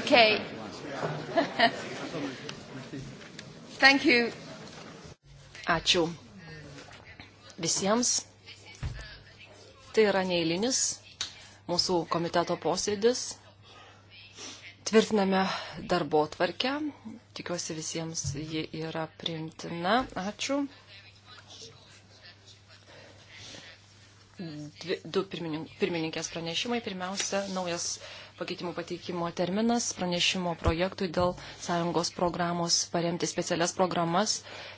Okay. Thank you. Ačiū visiems. Tai yra neįlinis mūsų komiteto posėdis. Tvirtiname darbo tvarkę. Tikiuosi visiems ji yra priimtina. Ačiū. Dvi, du pirmininkės pranešimai. Pirmiausia, naujas pakeitimų pateikimo terminas pranešimo projektui dėl sąjungos programos paremti specialias programas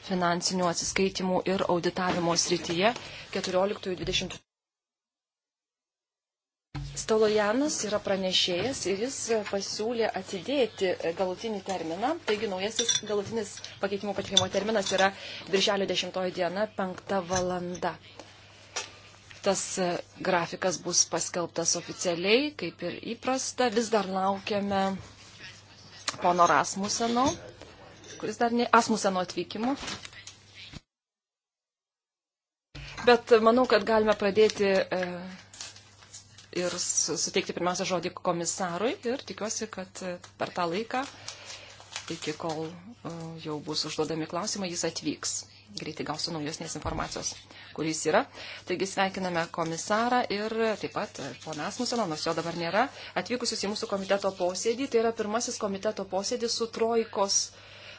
finansinių atsiskaitimų ir auditavimo srityje 14-20. Stolojanas yra pranešėjas ir jis pasiūlė atidėti galutinį terminą. Taigi naujasis galutinis pakeitimo pateikimo terminas yra birželio 10 diena 5 valanda. Tas e, grafikas bus paskelbtas oficialiai, kaip ir įprasta. Vis dar laukiame pono Rasmuseno, kuris dar ne Asmuseno atvykimo. Bet manau, kad galime pradėti e, ir suteikti pirmiausia žodį komisarui ir tikiuosi, kad e, per tą laiką, iki kol jau bus užduodami klausimai, jis atvyks greitai gausiu naujosnės informacijos, kuris yra. Taigi sveikiname komisarą ir taip pat ponas Musino, nors jo dabar nėra, atvykusius į mūsų komiteto posėdį. Tai yra pirmasis komiteto posėdis su trojkos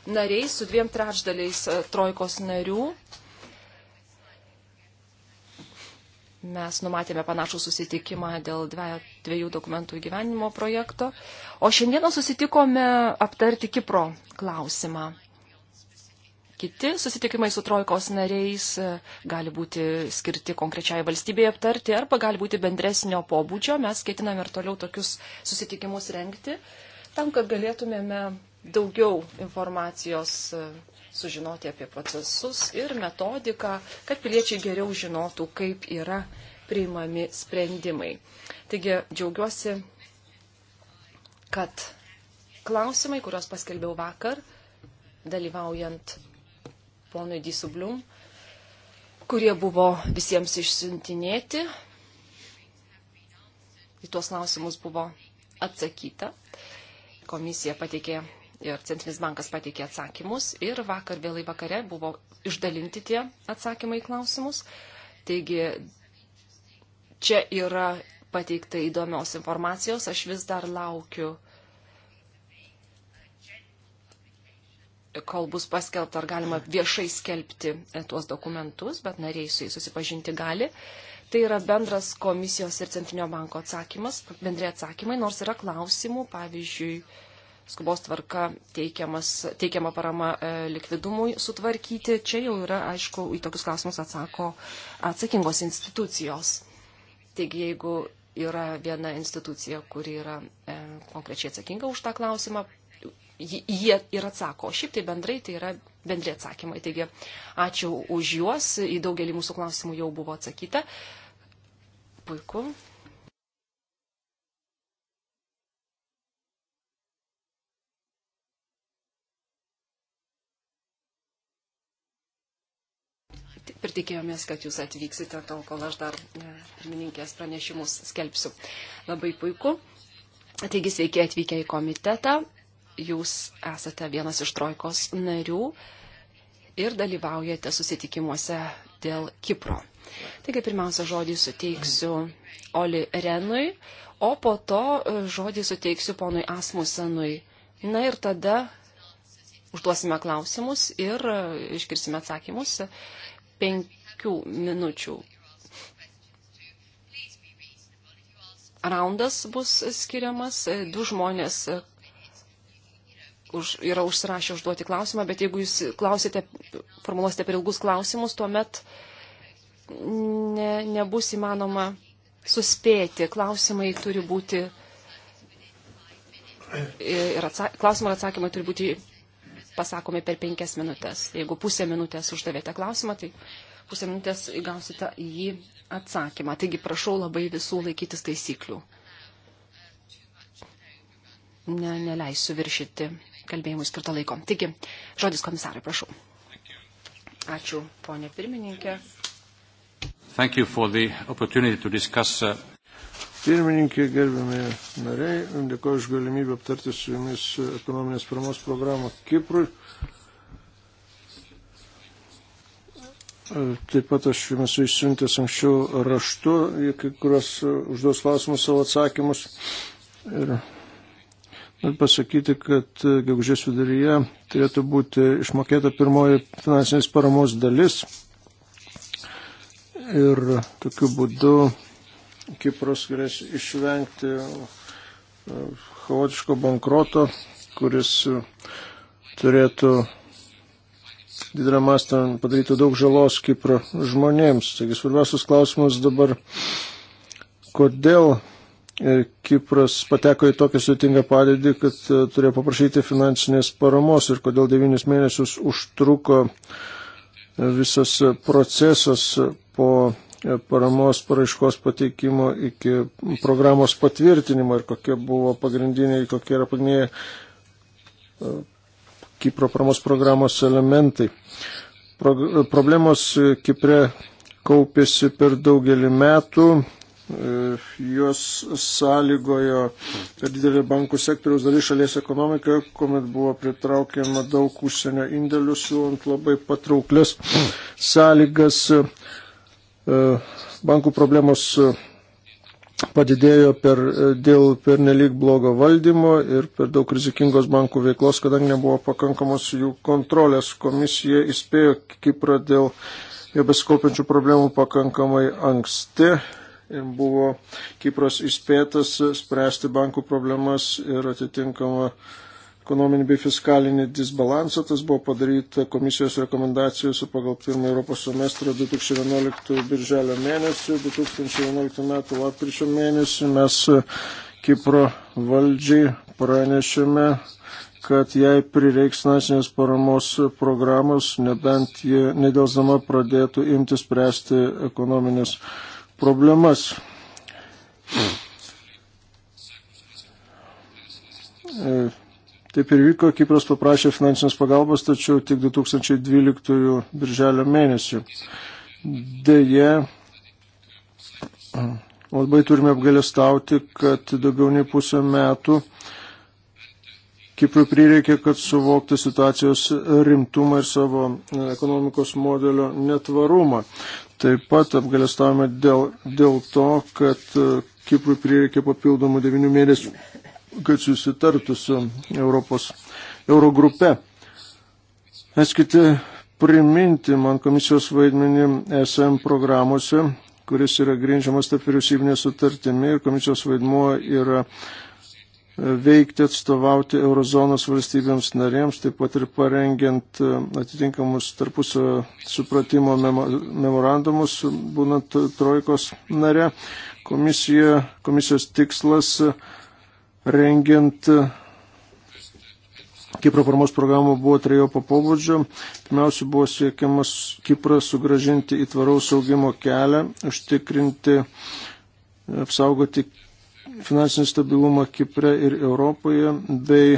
nariais, su dviem trečdaliais e, trojkos narių. Mes numatėme panašų susitikimą dėl dviejų dokumentų įgyvenimo projekto, o šiandieną susitikome aptarti Kipro klausimą. Kiti susitikimai su trojkos nariais e, gali būti skirti konkrečiai valstybėje aptarti arba gali būti bendresnio pobūdžio. Mes ketiname ir toliau tokius susitikimus renkti, tam, kad galėtumėme daugiau informacijos e, sužinoti apie procesus ir metodiką, kad piliečiai geriau žinotų, kaip yra priimami sprendimai. Taigi džiaugiuosi, kad klausimai, kuriuos paskelbiau vakar, dalyvaujant ponui Dysublum, kurie buvo visiems išsiuntinėti. Į tuos klausimus buvo atsakyta. Komisija pateikė ir Centrinis bankas pateikė atsakymus ir vakar vėlai vakare buvo išdalinti tie atsakymai į klausimus. Taigi čia yra pateikta įdomios informacijos, aš vis dar laukiu kol bus paskelbta, ar galima viešai skelbti e, tuos dokumentus, bet nariai su jais susipažinti gali. Tai yra bendras komisijos ir Centrinio banko atsakymas, bendri atsakymai, nors yra klausimų, pavyzdžiui, skubos tvarka teikiama parama e, likvidumui sutvarkyti. Čia jau yra, aišku, į tokius klausimus atsako atsakingos institucijos. Taigi, jeigu yra viena institucija, kuri yra e, konkrečiai atsakinga už tą klausimą, jie ir atsako. O šiaip tai bendrai tai yra bendri atsakymai. Taigi ačiū už juos, į daugelį mūsų klausimų jau buvo atsakyta. Puiku. Taip ir tikėjomės, kad jūs atvyksite tol, kol aš dar e, pirmininkės pranešimus skelbsiu. Labai puiku. Taigi sveiki atvykę į komitetą jūs esate vienas iš trojkos narių ir dalyvaujate susitikimuose dėl Kipro. Taigi pirmiausia žodį suteiksiu Oli Renui, o po to e, žodį suteiksiu ponui Asmusenui. Na ir tada užduosime klausimus ir e, iškirsime atsakymus penkių minučių. Raundas bus skiriamas, e, du žmonės už, yra užsirašę užduoti klausimą, bet jeigu jūs klausite, formuluosite per ilgus klausimus, tuomet ne, nebus įmanoma suspėti. Klausimai turi būti ir atsak, klausimai ir atsakymai turi būti pasakomi per penkias minutės. Jeigu pusę minutės uždavėte klausimą, tai pusę minutės įgausite jį atsakymą. Taigi prašau labai visų laikytis taisyklių. Ne, neleisiu viršyti kalbėjimui skirto laiko. Taigi, žodis komisarai, prašau. Ačiū, ponė pirmininkė. Discuss, uh... Pirmininkė, gerbėmė nariai, dėkoju už galimybę aptarti su jumis ekonominės paramos programą Kiprui. Taip pat aš jums esu išsiuntęs anksčiau raštu, kai kurios užduos klausimus savo atsakymus. Ir Noriu pasakyti, kad e, gegužės viduryje turėtų būti išmokėta pirmoji finansinės paramos dalis. Ir tokiu būdu Kipras galės išvengti e, chaotiško bankroto, kuris e, turėtų didelę mastą padaryti daug žalos Kipro žmonėms. Taigi svarbiausias klausimas dabar, kodėl Kipras pateko į tokią sutingą padėdį, kad e, turėjo paprašyti finansinės paramos ir kodėl devynis mėnesius užtruko e, visas procesas po e, paramos paraiškos pateikimo iki programos patvirtinimo ir kokie buvo pagrindiniai, kokie yra pagrindiniai Kipro paramos programos elementai. Pro, problemos Kipre kaupėsi per daugelį metų, E, juos sąlygojo didelė bankų sektoriaus dalis šalies ekonomika, kuomet buvo pritraukiama daug užsienio indėlių, siūlant labai patrauklias sąlygas. E, bankų problemos padidėjo per, dėl pernelyg blogo valdymo ir per daug rizikingos bankų veiklos, kadangi nebuvo pakankamos jų kontrolės. Komisija įspėjo Kiprą dėl jo besikaupiančių problemų pakankamai anksti ir buvo Kipras įspėtas spręsti bankų problemas ir atitinkamą ekonominį bei fiskalinį disbalansą. Tas buvo padaryta komisijos rekomendacijose pagal pirmą Europos semestrą 2011 birželio mėnesį, 2011 metų lapkričio mėnesį mes Kipro valdžiai pranešėme kad jai prireiks nacinės paramos programos, nebent ji nedelsdama pradėtų imti spręsti ekonominės problemas problemas. E, taip ir vyko, Kipras paprašė finansinės pagalbos, tačiau tik 2012 birželio mėnesį. Deja, labai turime apgalėstauti, kad daugiau nei pusę metų uh, Kiprui prireikė, kad suvoktų situacijos rimtumą ir savo e, ekonomikos modelio netvarumą. Taip pat apgalėstavome dėl, dėl to, kad e, Kiprui prireikė papildomų devinių mėnesių, kad susitartų su Europos Eurogrupe. Eskite priminti man komisijos vaidmenį SM programuose, kuris yra grindžiamas tarp vyriausybinės sutartimi ir komisijos vaidmuo yra uh, veikti, atstovauti eurozonos valstybėms narėms, taip pat ir parengiant e, atitinkamus tarpusio supratimo memorandumus, būnant trojkos nare. Komisija, komisijos tikslas rengiant Kipro paramos programų buvo trejopo pobūdžio. Pirmiausia, buvo siekiamas Kiprą sugražinti į tvaraus augimo kelią, užtikrinti apsaugoti finansinį stabilumą Kipre ir Europoje bei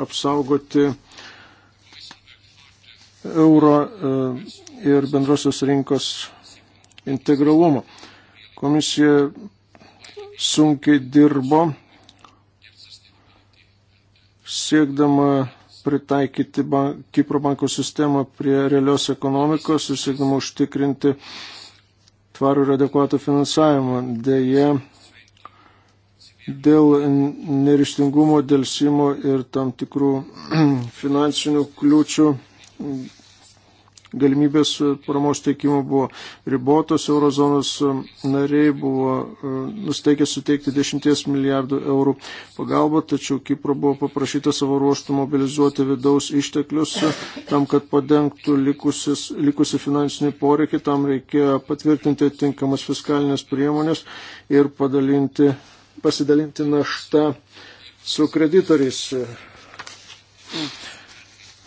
apsaugoti euro e, ir bendrosios rinkos integralumą. Komisija sunkiai dirbo siekdama pritaikyti bank, Kipro banko sistemą prie realios ekonomikos ir siekdama užtikrinti tvarų ir adekvatų finansavimą. Deja, dėl nerištingumo, dėl simo ir tam tikrų finansinių kliūčių galimybės paramos teikimo buvo ribotos, eurozonos nariai buvo e, nusteikę suteikti 10 milijardų eurų pagalbą, tačiau Kipro buvo paprašyta savo ruoštų mobilizuoti vidaus išteklius tam, kad padengtų likusis, likusi finansinį poreikį, tam reikėjo patvirtinti tinkamas fiskalinės priemonės ir padalinti pasidalinti naštą su kreditoriais.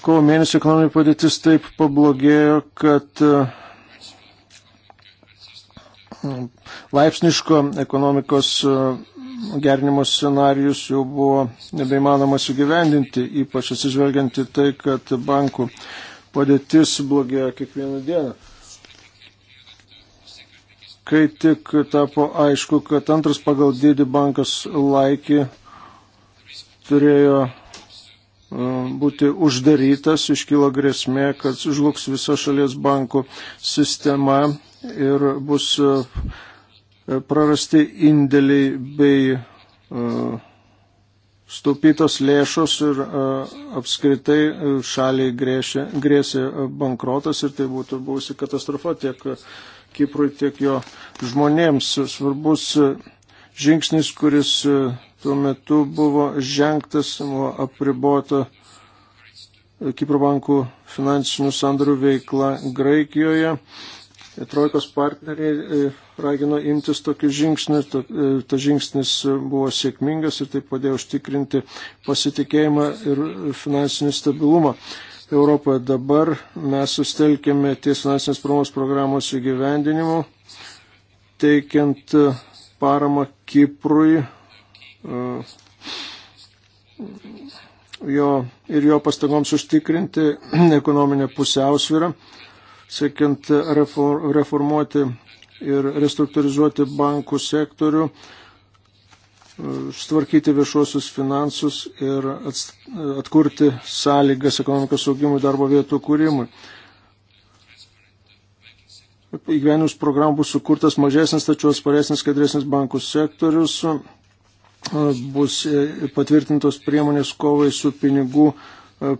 Kovo mėnesio ekonominė padėtis taip pablogėjo, kad mm, laipsniško ekonomikos mm, gerinimo scenarius jau buvo nebeįmanomas įgyvendinti, ypač atsižvelgianti tai, kad bankų padėtis blogėjo kiekvieną dieną kai tik tapo aišku, kad antras pagal dydį bankas Laikį turėjo e, būti uždarytas, iškyla grėsmė, kad žlugs visa šalies bankų sistema ir bus e, prarasti indėliai bei e, staupytos lėšos ir apskritai šaliai grėsė bankrotas ir tai būtų buvusi katastrofa tiek Kiprui, tiek jo žmonėms. Svarbus žingsnis, kuris e, tuo metu buvo žengtas, buvo apribota e, Kipro bankų finansinių sandarių veikla Graikijoje. Trojkos partneriai e, ragino imtis tokių žingsnių, tas žingsnis buvo sėkmingas ir tai padėjo užtikrinti pasitikėjimą ir finansinį stabilumą Europoje. Dabar mes sustelkėme ties finansinės paramos programos įgyvendinimu, teikiant e, paramą Kiprui e, jo, ir jo pastangoms užtikrinti ekonominę pusiausvyrą, siekiant reformuoti ir restruktūrizuoti bankų sektorių sutvarkyti viešuosius finansus ir atkurti sąlygas ekonomikos augimui darbo vietų kūrimui. Įgyvenimus programų bus sukurtas mažesnis, tačiau sparesnis, skaidresnis bankų sektorius, bus e, patvirtintos priemonės kovai su pinigų e,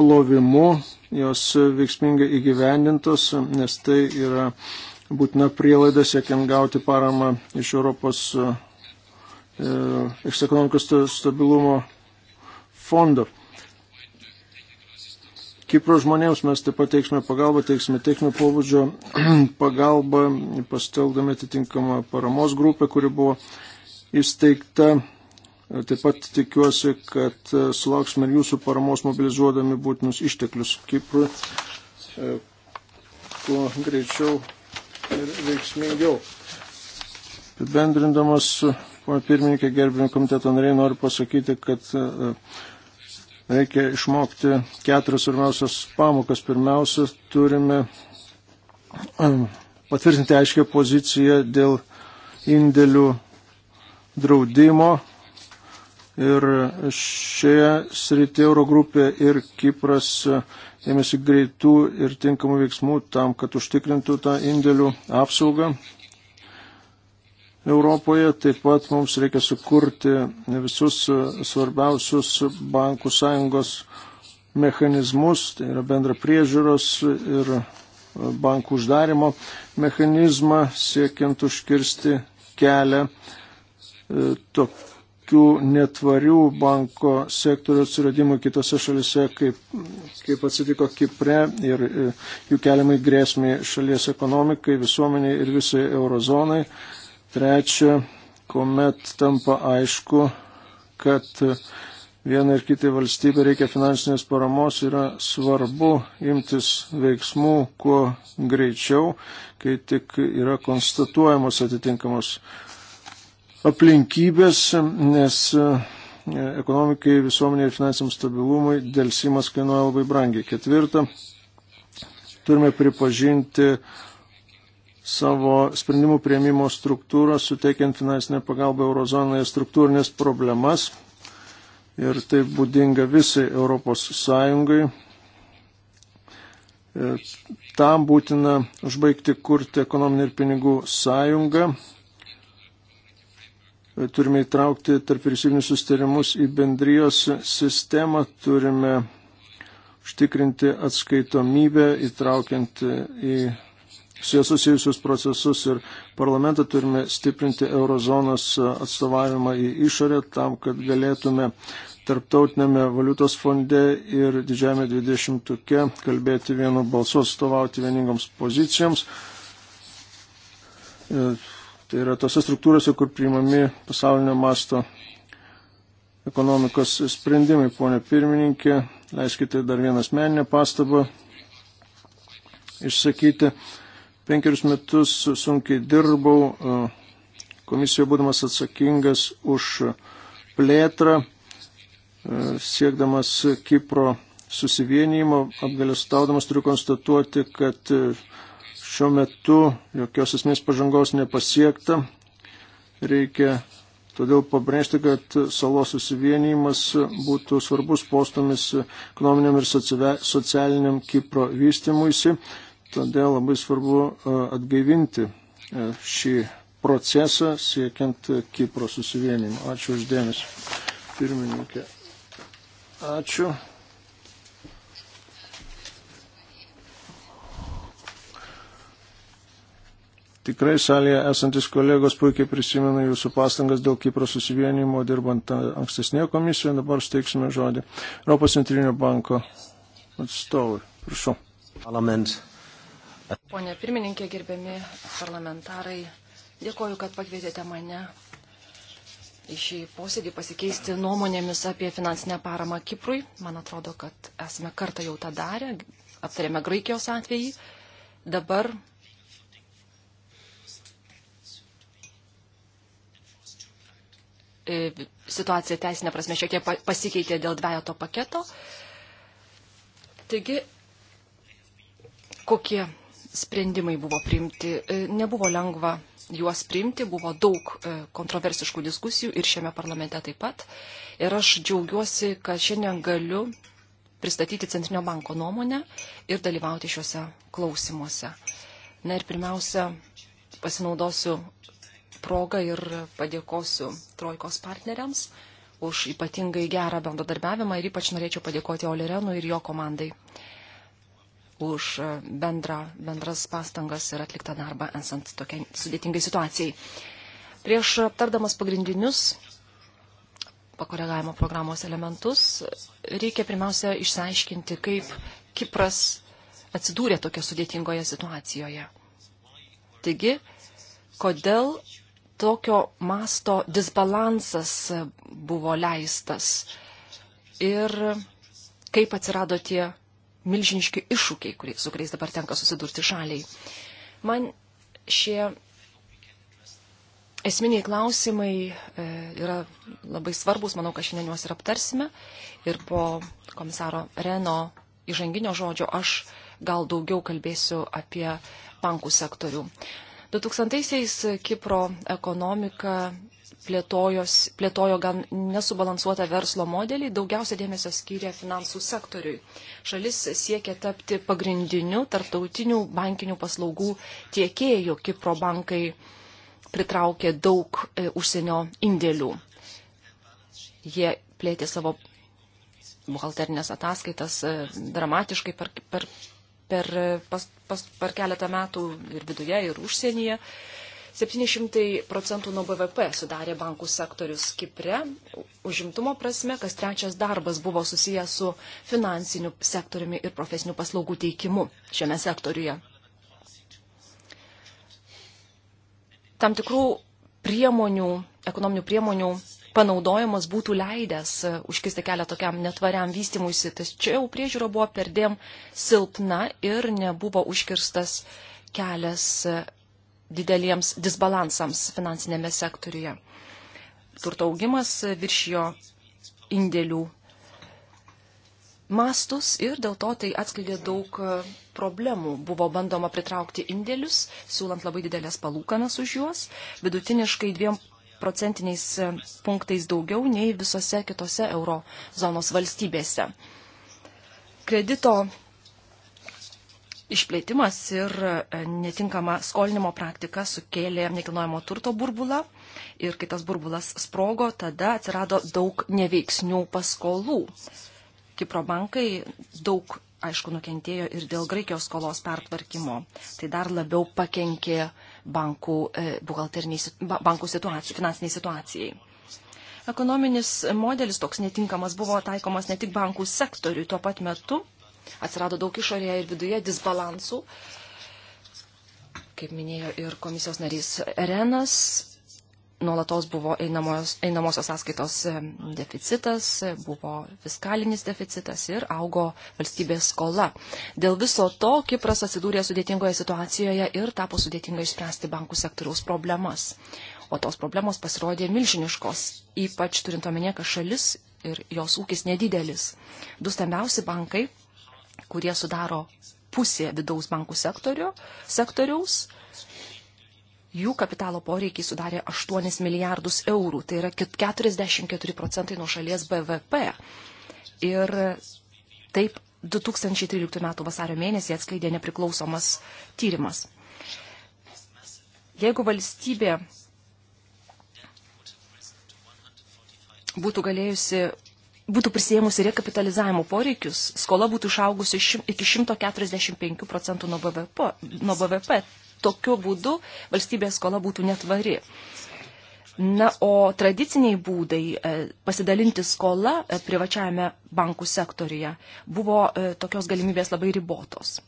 plovimu, jos veiksmingai įgyvendintos, nes tai yra būtina prielaida siekiant gauti paramą iš Europos e, E, iš ekonomikos stabilumo fondo. Kipro žmonėms mes taip pat teiksime pagalbą, teiksime techninio pobūdžio pagalbą, pastelgdami atitinkamą paramos grupę, kuri buvo įsteigta. E, taip pat tikiuosi, kad e, sulauksime ir jūsų paramos mobilizuodami būtinus išteklius Kiprui, kuo greičiau ir veiksmingiau. Apibendrindamas Pone pirmininkė, gerbimi komiteto nariai, noriu pasakyti, kad e, e, reikia išmokti keturias svarbiausias pamokas. Pirmiausia, turime e, patvirtinti aiškę poziciją dėl indėlių draudimo. Ir šioje srityje Eurogrupė ir Kipras ėmėsi greitų ir tinkamų veiksmų tam, kad užtikrintų tą indėlių apsaugą. Europoje. Taip pat mums reikia sukurti visus svarbiausius bankų sąjungos mechanizmus, tai yra bendra priežiūros ir bankų uždarimo mechanizmą, siekiant užkirsti kelią e, tokių netvarių banko sektorių atsiradimų kitose šalise, kaip, kaip atsitiko Kipre ir e, jų keliamai grėsmiai šalies ekonomikai, visuomeniai ir visai eurozonai. Trečia, kuomet tampa aišku, kad vienai ir kitai valstybė reikia finansinės paramos, yra svarbu imtis veiksmų kuo greičiau, kai tik yra konstatuojamos atitinkamos aplinkybės, nes e, ekonomikai, visuomeniai ir finansiniam stabilumui dėlsimas kainuoja labai brangiai. Ketvirta, turime pripažinti savo sprendimų prieimimo struktūrą, suteikiant finansinę pagalbą eurozonoje struktūrinės problemas. Ir tai būdinga visai Europos Sąjungai. E, tam būtina užbaigti kurti ekonominį ir pinigų sąjungą. E, turime įtraukti tarp vyriausybinius sustarimus į bendrijos sistemą, turime užtikrinti atskaitomybę, įtraukiant į su jie susijusius procesus ir parlamentą turime stiprinti eurozonos e, atstovavimą į išorę tam, kad galėtume tarptautinėme valiutos fonde ir didžiame 20-uke kalbėti vienu balsu, atstovauti vieningoms pozicijoms. E, tai yra tose struktūrose, kur priimami pasaulinio masto ekonomikos sprendimai, ponė pirmininkė. Leiskite dar vieną asmeninę pastabą išsakyti penkerius metus sunkiai dirbau, e, komisijoje būdamas atsakingas už plėtrą, e, siekdamas Kipro susivienijimo, apgalėstaudamas turiu konstatuoti, kad e, šiuo metu jokios esmės pažangos nepasiekta. Reikia todėl pabrėžti, kad salos susivienijimas būtų svarbus postumis ekonominiam ir socialiniam Kipro vystimuisi Todėl labai svarbu e, atgaivinti e, šį procesą siekiant Kipro susivienimo. Ačiū uždėmesi, pirmininkė. Ačiū. Tikrai salėje esantis kolegos puikiai prisimena jūsų pastangas dėl Kipro susivienimo, dirbant ankstesnėje komisijoje. Dabar steiksime žodį Europos centrinio banko atstovui. Prašau. Parlament. Pone pirmininkė, gerbiami parlamentarai, dėkoju, kad pakvietėte mane į šį posėdį pasikeisti nuomonėmis apie finansinę paramą Kiprui. Man atrodo, kad esame kartą jau tą darę, aptarėme Graikijos atvejį. Dabar e, situacija teisinė prasme šiek tiek pasikeitė dėl dviejoto paketo. Taigi, kokie sprendimai buvo priimti. E, nebuvo lengva juos priimti, buvo daug e, kontroversiškų diskusijų ir šiame parlamente taip pat. Ir aš džiaugiuosi, kad šiandien galiu pristatyti Centrinio banko nuomonę ir dalyvauti šiuose klausimuose. Na ir pirmiausia, pasinaudosiu progą ir padėkosiu Trojkos partneriams už ypatingai gerą bendradarbiavimą ir ypač norėčiau padėkoti Olerenui ir jo komandai. Uh, už e, bendra, bendras pastangas ir atliktą darbą esant tokiai sudėtingai situacijai. Prieš aptardamas pagrindinius pakoregavimo programos elementus, reikia pirmiausia išsiaiškinti, kaip Kipras atsidūrė tokia sudėtingoje situacijoje. Taigi, kodėl tokio masto disbalansas buvo leistas ir kaip atsirado tie milžiniški iššūkiai, kuriai, su kuriais dabar tenka susidurti šaliai. Man šie esminiai klausimai e, yra labai svarbus, manau, kad šiandien juos ir aptarsime. Ir po komisaro Reno įžanginio žodžio aš gal daugiau kalbėsiu apie bankų sektorių. 2000-aisiais Kipro ekonomika plėtojos, plėtojo gan nesubalansuotą verslo modelį, daugiausia dėmesio skyrė finansų sektoriui. Šalis siekia tapti pagrindiniu tarptautinių bankinių paslaugų tiekėjų. Kipro bankai pritraukė daug e, užsienio indėlių. Jie plėtė savo buhalterinės ataskaitas e, dramatiškai per, per, per, pas, pas, per keletą metų ir viduje, ir užsienyje. E, 700 procentų nuo BVP sudarė bankų sektorius Kipre, užimtumo prasme, kas trečias darbas buvo susijęs su finansiniu sektoriumi ir profesinių paslaugų teikimu šiame sektoriuje. Tam tikrų priemonių, ekonominių priemonių panaudojimas būtų leidęs e, užkisti kelią tokiam netvariam vystimuisi, tačiau priežiūra buvo perdėm silpna ir nebuvo užkirstas kelias e, dideliems disbalansams finansinėme sektoriuje. Turto augimas viršijo indėlių mastus ir dėl to tai atskleidė daug e, problemų. Buvo bandoma pritraukti indėlius, siūlant labai didelės palūkanas už juos, vidutiniškai dviem procentiniais e, punktais daugiau nei visose kitose euro zonos valstybėse. Kredito išplėtimas ir e, netinkama skolinimo praktika sukėlė nekilnojamo turto burbulą. Ir kai tas burbulas sprogo, tada atsirado daug neveiksnių paskolų. Kipro bankai daug, aišku, nukentėjo ir dėl Graikijos skolos pertvarkymo. Tai dar labiau pakenkė bankų, e, bankų situacijų, finansiniai situacijai. Ekonominis modelis toks netinkamas buvo taikomas ne tik bankų sektoriui tuo pat metu atsirado daug išorėje ir viduje disbalansų. Kaip minėjo ir komisijos narys Renas, nuolatos buvo einamos, einamosios sąskaitos e, deficitas, e, buvo fiskalinis deficitas ir augo valstybės skola. Dėl viso to Kipras atsidūrė sudėtingoje situacijoje ir tapo sudėtinga išspręsti bankų sektoriaus problemas. O tos problemos pasirodė milžiniškos, ypač turint omenyje, kad šalis ir jos ūkis nedidelis. Du stambiausi bankai kurie sudaro pusė vidaus bankų sektorio, sektoriaus. Jų kapitalo poreikiai sudarė 8 milijardus eurų, tai yra 44 procentai nuo šalies BVP. Ir taip 2013 m. vasario mėnesį atskleidė nepriklausomas tyrimas. Jeigu valstybė būtų galėjusi būtų prisėmusi rekapitalizavimo poreikius, skola būtų išaugusi šim, iki 145 procentų nuo BVP, nuo BVP. Tokiu būdu valstybės skola būtų netvari. Na, o tradiciniai būdai e, pasidalinti skolą e, privačiajame bankų sektoriuje buvo e, tokios galimybės labai ribotos.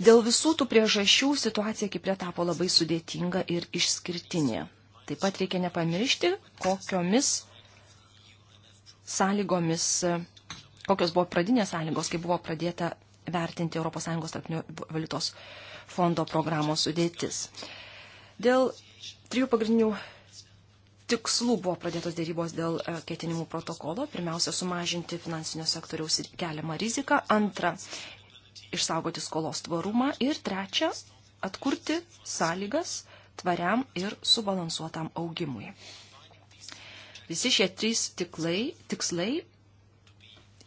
Dėl visų tų priežasčių situacija Kiprė tapo labai sudėtinga ir išskirtinė. Taip pat reikia nepamiršti, kokiomis sąlygomis, kokios buvo pradinės sąlygos, kai buvo pradėta vertinti ES tarpinio valiutos fondo programos sudėtis. Dėl trijų pagrindinių tikslų buvo pradėtos dėrybos dėl e, ketinimų protokolo. Pirmiausia, sumažinti finansinio sektoriaus keliamą riziką. Antra, išsaugoti skolos tvarumą. Ir trečia, atkurti sąlygas tvariam ir subalansuotam augimui. Visi šie trys tiklai, tikslai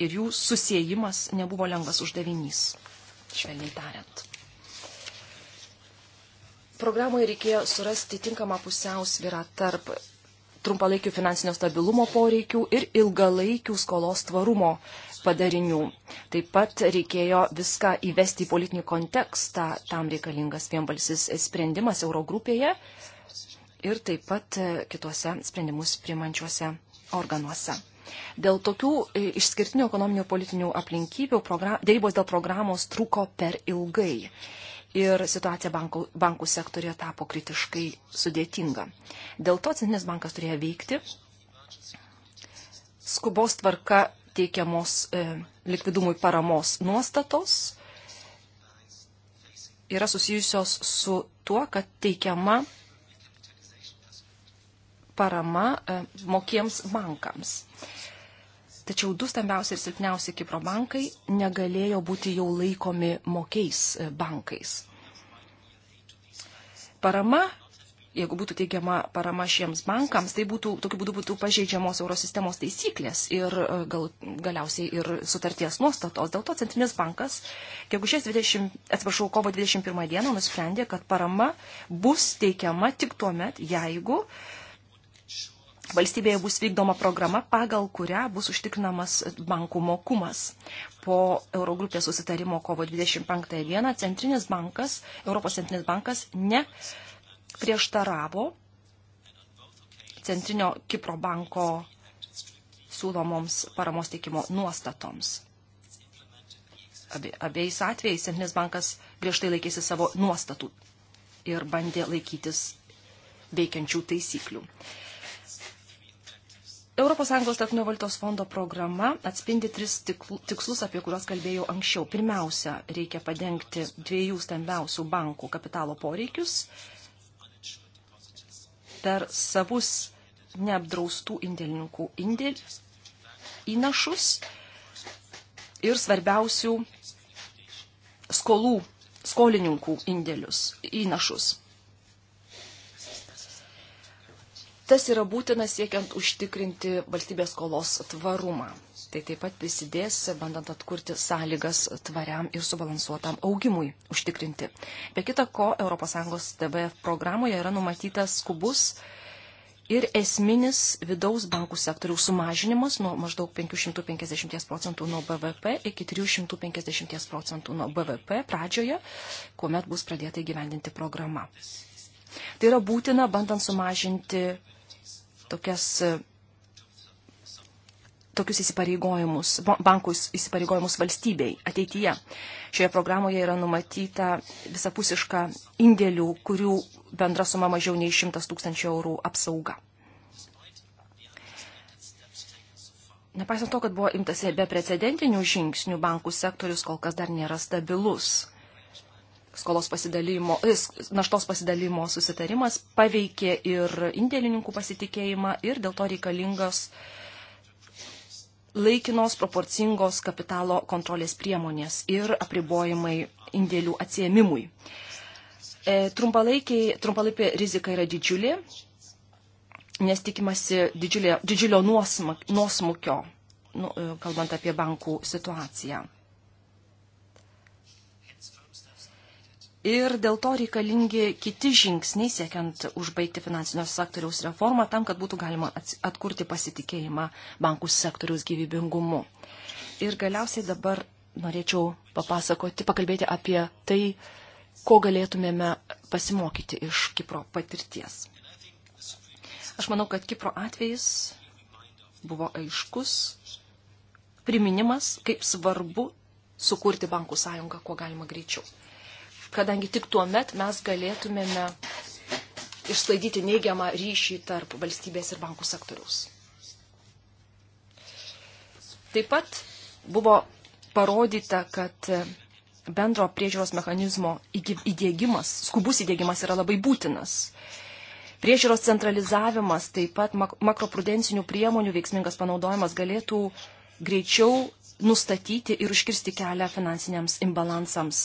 ir jų susijimas nebuvo lengvas uždavinys, švelniai tariant. Programoje reikėjo surasti tinkamą pusiausvyrą tarp trumpalaikių finansinio stabilumo poreikių ir ilgalaikių skolos tvarumo padarinių. Taip pat reikėjo viską įvesti į politinį kontekstą, tam reikalingas vienbalsis sprendimas Eurogrupėje, ir taip pat e, kitose sprendimus primančiuose organuose. Dėl tokių e, išskirtinių ekonominių politinių aplinkybių dėrybos dėl programos truko per ilgai ir situacija bankų, bankų sektorija tapo kritiškai sudėtinga. Dėl to Centrinis bankas turėjo veikti skubos tvarka teikiamos e, likvidumui paramos nuostatos yra susijusios su tuo, kad teikiama parama e, mokiems bankams. Tačiau du stambiausi ir silpniausi Kipro bankai negalėjo būti jau laikomi mokiais e, bankais. Parama, jeigu būtų teigiama parama šiems bankams, tai būtų, tokiu būdu būtų pažeidžiamos eurosistemos taisyklės ir e, gal, galiausiai ir sutarties nuostatos. Dėl to Centrinis bankas, gegužės 20, atsiprašau, kovo 21 dieną nusprendė, kad parama bus teikiama tik tuo met, jeigu uh, valstybėje bus vykdoma programa, pagal kurią bus užtikrinamas bankų mokumas. Po Eurogrupės susitarimo kovo 25 dieną Centrinis bankas, Europos Centrinis bankas ne prieštaravo Centrinio Kipro banko siūlomoms paramos teikimo nuostatoms. Abie, abiejais atvejais Centrinis bankas griežtai laikėsi savo nuostatų ir bandė laikytis veikiančių taisyklių. ES tarptautinio valiutos fondo programa atspindi tris tikslus, apie kuriuos kalbėjau anksčiau. Pirmiausia, reikia padengti dviejų stambiausių bankų kapitalo poreikius per savus neapdraustų indėlininkų indėl, įnašus ir svarbiausių skolų, skolininkų indėlius, įnašus. Tas yra būtina siekiant užtikrinti valstybės skolos tvarumą. Tai taip pat prisidės, bandant atkurti sąlygas tvariam ir subalansuotam augimui užtikrinti. Be kita ko, ES TVF programoje yra numatytas skubus ir esminis vidaus bankų sektoriaus sumažinimas nuo maždaug 550 procentų nuo BVP iki 350 procentų nuo BVP pradžioje, kuomet bus pradėta įgyvendinti programa. Tai yra būtina, bandant sumažinti tokias, tokius įsipareigojimus, bankų įsipareigojimus valstybei ateityje. Šioje programoje yra numatyta visapusiška indėlių, kurių bendra suma mažiau nei 100 tūkstančių eurų apsauga. Nepaisant to, kad buvo imtasi be precedentinių žingsnių, bankų sektorius kol kas dar nėra stabilus skolos pasidalymo, e, naštos pasidalymo susitarimas paveikė ir indėlininkų pasitikėjimą ir dėl to reikalingas laikinos proporcingos kapitalo kontrolės priemonės ir apribojimai indėlių atsiemimui. E, trumpalaikė rizika yra didžiulė, nes tikimasi didžiulė, didžiulio nuosmukio, nu, e, kalbant apie bankų situaciją. Ir dėl to reikalingi kiti žingsniai siekiant užbaigti finansinio sektoriaus reformą tam, kad būtų galima atkurti pasitikėjimą bankų sektoriaus gyvybingumu. Ir galiausiai dabar norėčiau papasakoti, pakalbėti apie tai, ko galėtumėme pasimokyti iš Kipro patirties. Aš manau, kad Kipro atvejis buvo aiškus priminimas, kaip svarbu sukurti bankų sąjungą kuo galima greičiau kadangi tik tuo met mes galėtumėme išsklaidyti neigiamą ryšį tarp valstybės ir bankų sektoriaus. Taip pat buvo parodyta, kad bendro priežiūros mechanizmo įdėgymas, skubus įdėgymas yra labai būtinas. Priežiūros centralizavimas, taip pat makroprudencinių priemonių veiksmingas panaudojimas galėtų greičiau nustatyti ir užkirsti kelią finansiniams imbalansams